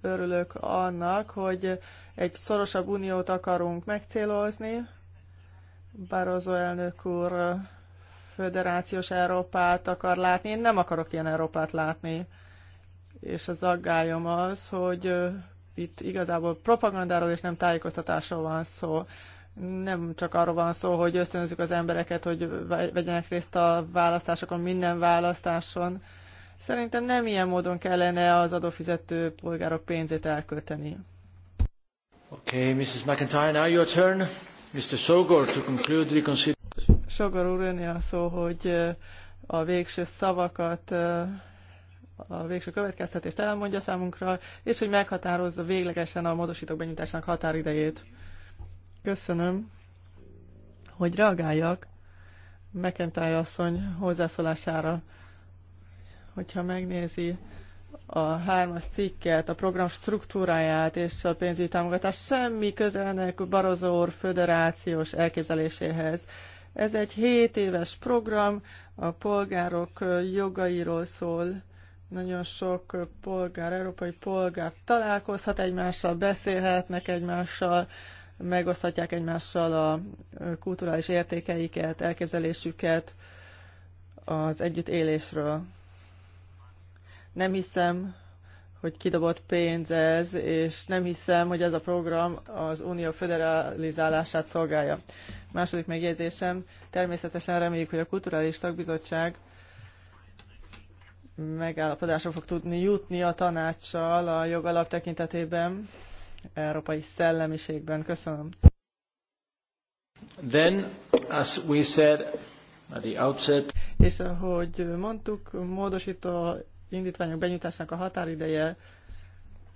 örülök annak, hogy egy szorosabb uniót akarunk megcélozni. Barroso elnök úr föderációs Európát akar látni. Én nem akarok ilyen Európát látni. És az aggályom az, hogy itt igazából propagandáról és nem tájékoztatásról van szó nem csak arról van szó, hogy ösztönözzük az embereket, hogy vegyenek részt a választásokon, minden választáson. Szerintem nem ilyen módon kellene az adófizető polgárok pénzét elkölteni. Okay, Mrs. McIntyre, now your turn. Mr. Sogor, to conclude the consideration. Sogor úr, a szó, hogy eh, a végső szavakat, eh, a végső következtetést elmondja számunkra, és hogy meghatározza véglegesen a módosítók benyújtásának határidejét. Köszönöm, hogy reagáljak McIntyre asszony hozzászólására. Hogyha megnézi a hármas cikket, a program struktúráját és a pénzügyi támogatás semmi közelnek Barozor föderációs elképzeléséhez. Ez egy 7 éves program, a polgárok jogairól szól. Nagyon sok polgár, európai polgár találkozhat egymással, beszélhetnek egymással, megoszthatják egymással a kulturális értékeiket, elképzelésüket az együttélésről. Nem hiszem, hogy kidobott pénz ez, és nem hiszem, hogy ez a program az unió federalizálását szolgálja. Második megjegyzésem, természetesen reméljük, hogy a Kulturális tagbizottság megállapodásra fog tudni jutni a tanácssal a jogalap tekintetében, európai szellemiségben. Köszönöm. Then, as we said at the outset, és ahogy mondtuk, módosító indítványok benyújtásának a határideje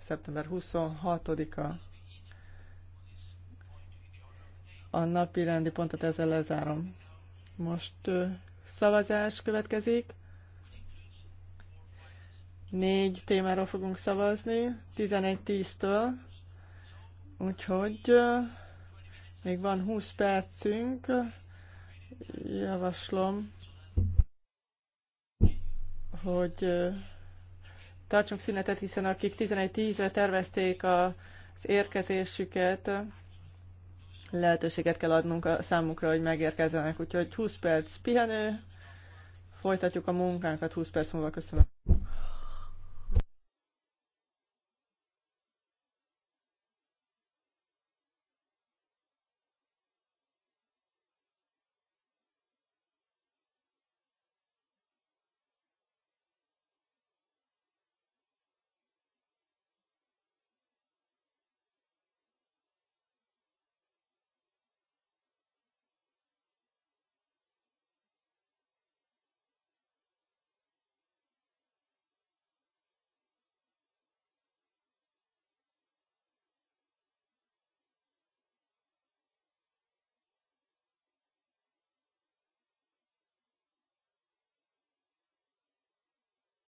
szeptember 26-a. A napi rendi pontot ezzel lezárom. Most szavazás következik. Négy témáról fogunk szavazni, 11-10-től. Úgyhogy még van 20 percünk, javaslom, hogy tartsunk szünetet, hiszen akik 11-10-re tervezték az érkezésüket, lehetőséget kell adnunk a számukra, hogy megérkezzenek. Úgyhogy 20 perc pihenő, folytatjuk a munkánkat 20 perc múlva. Köszönöm.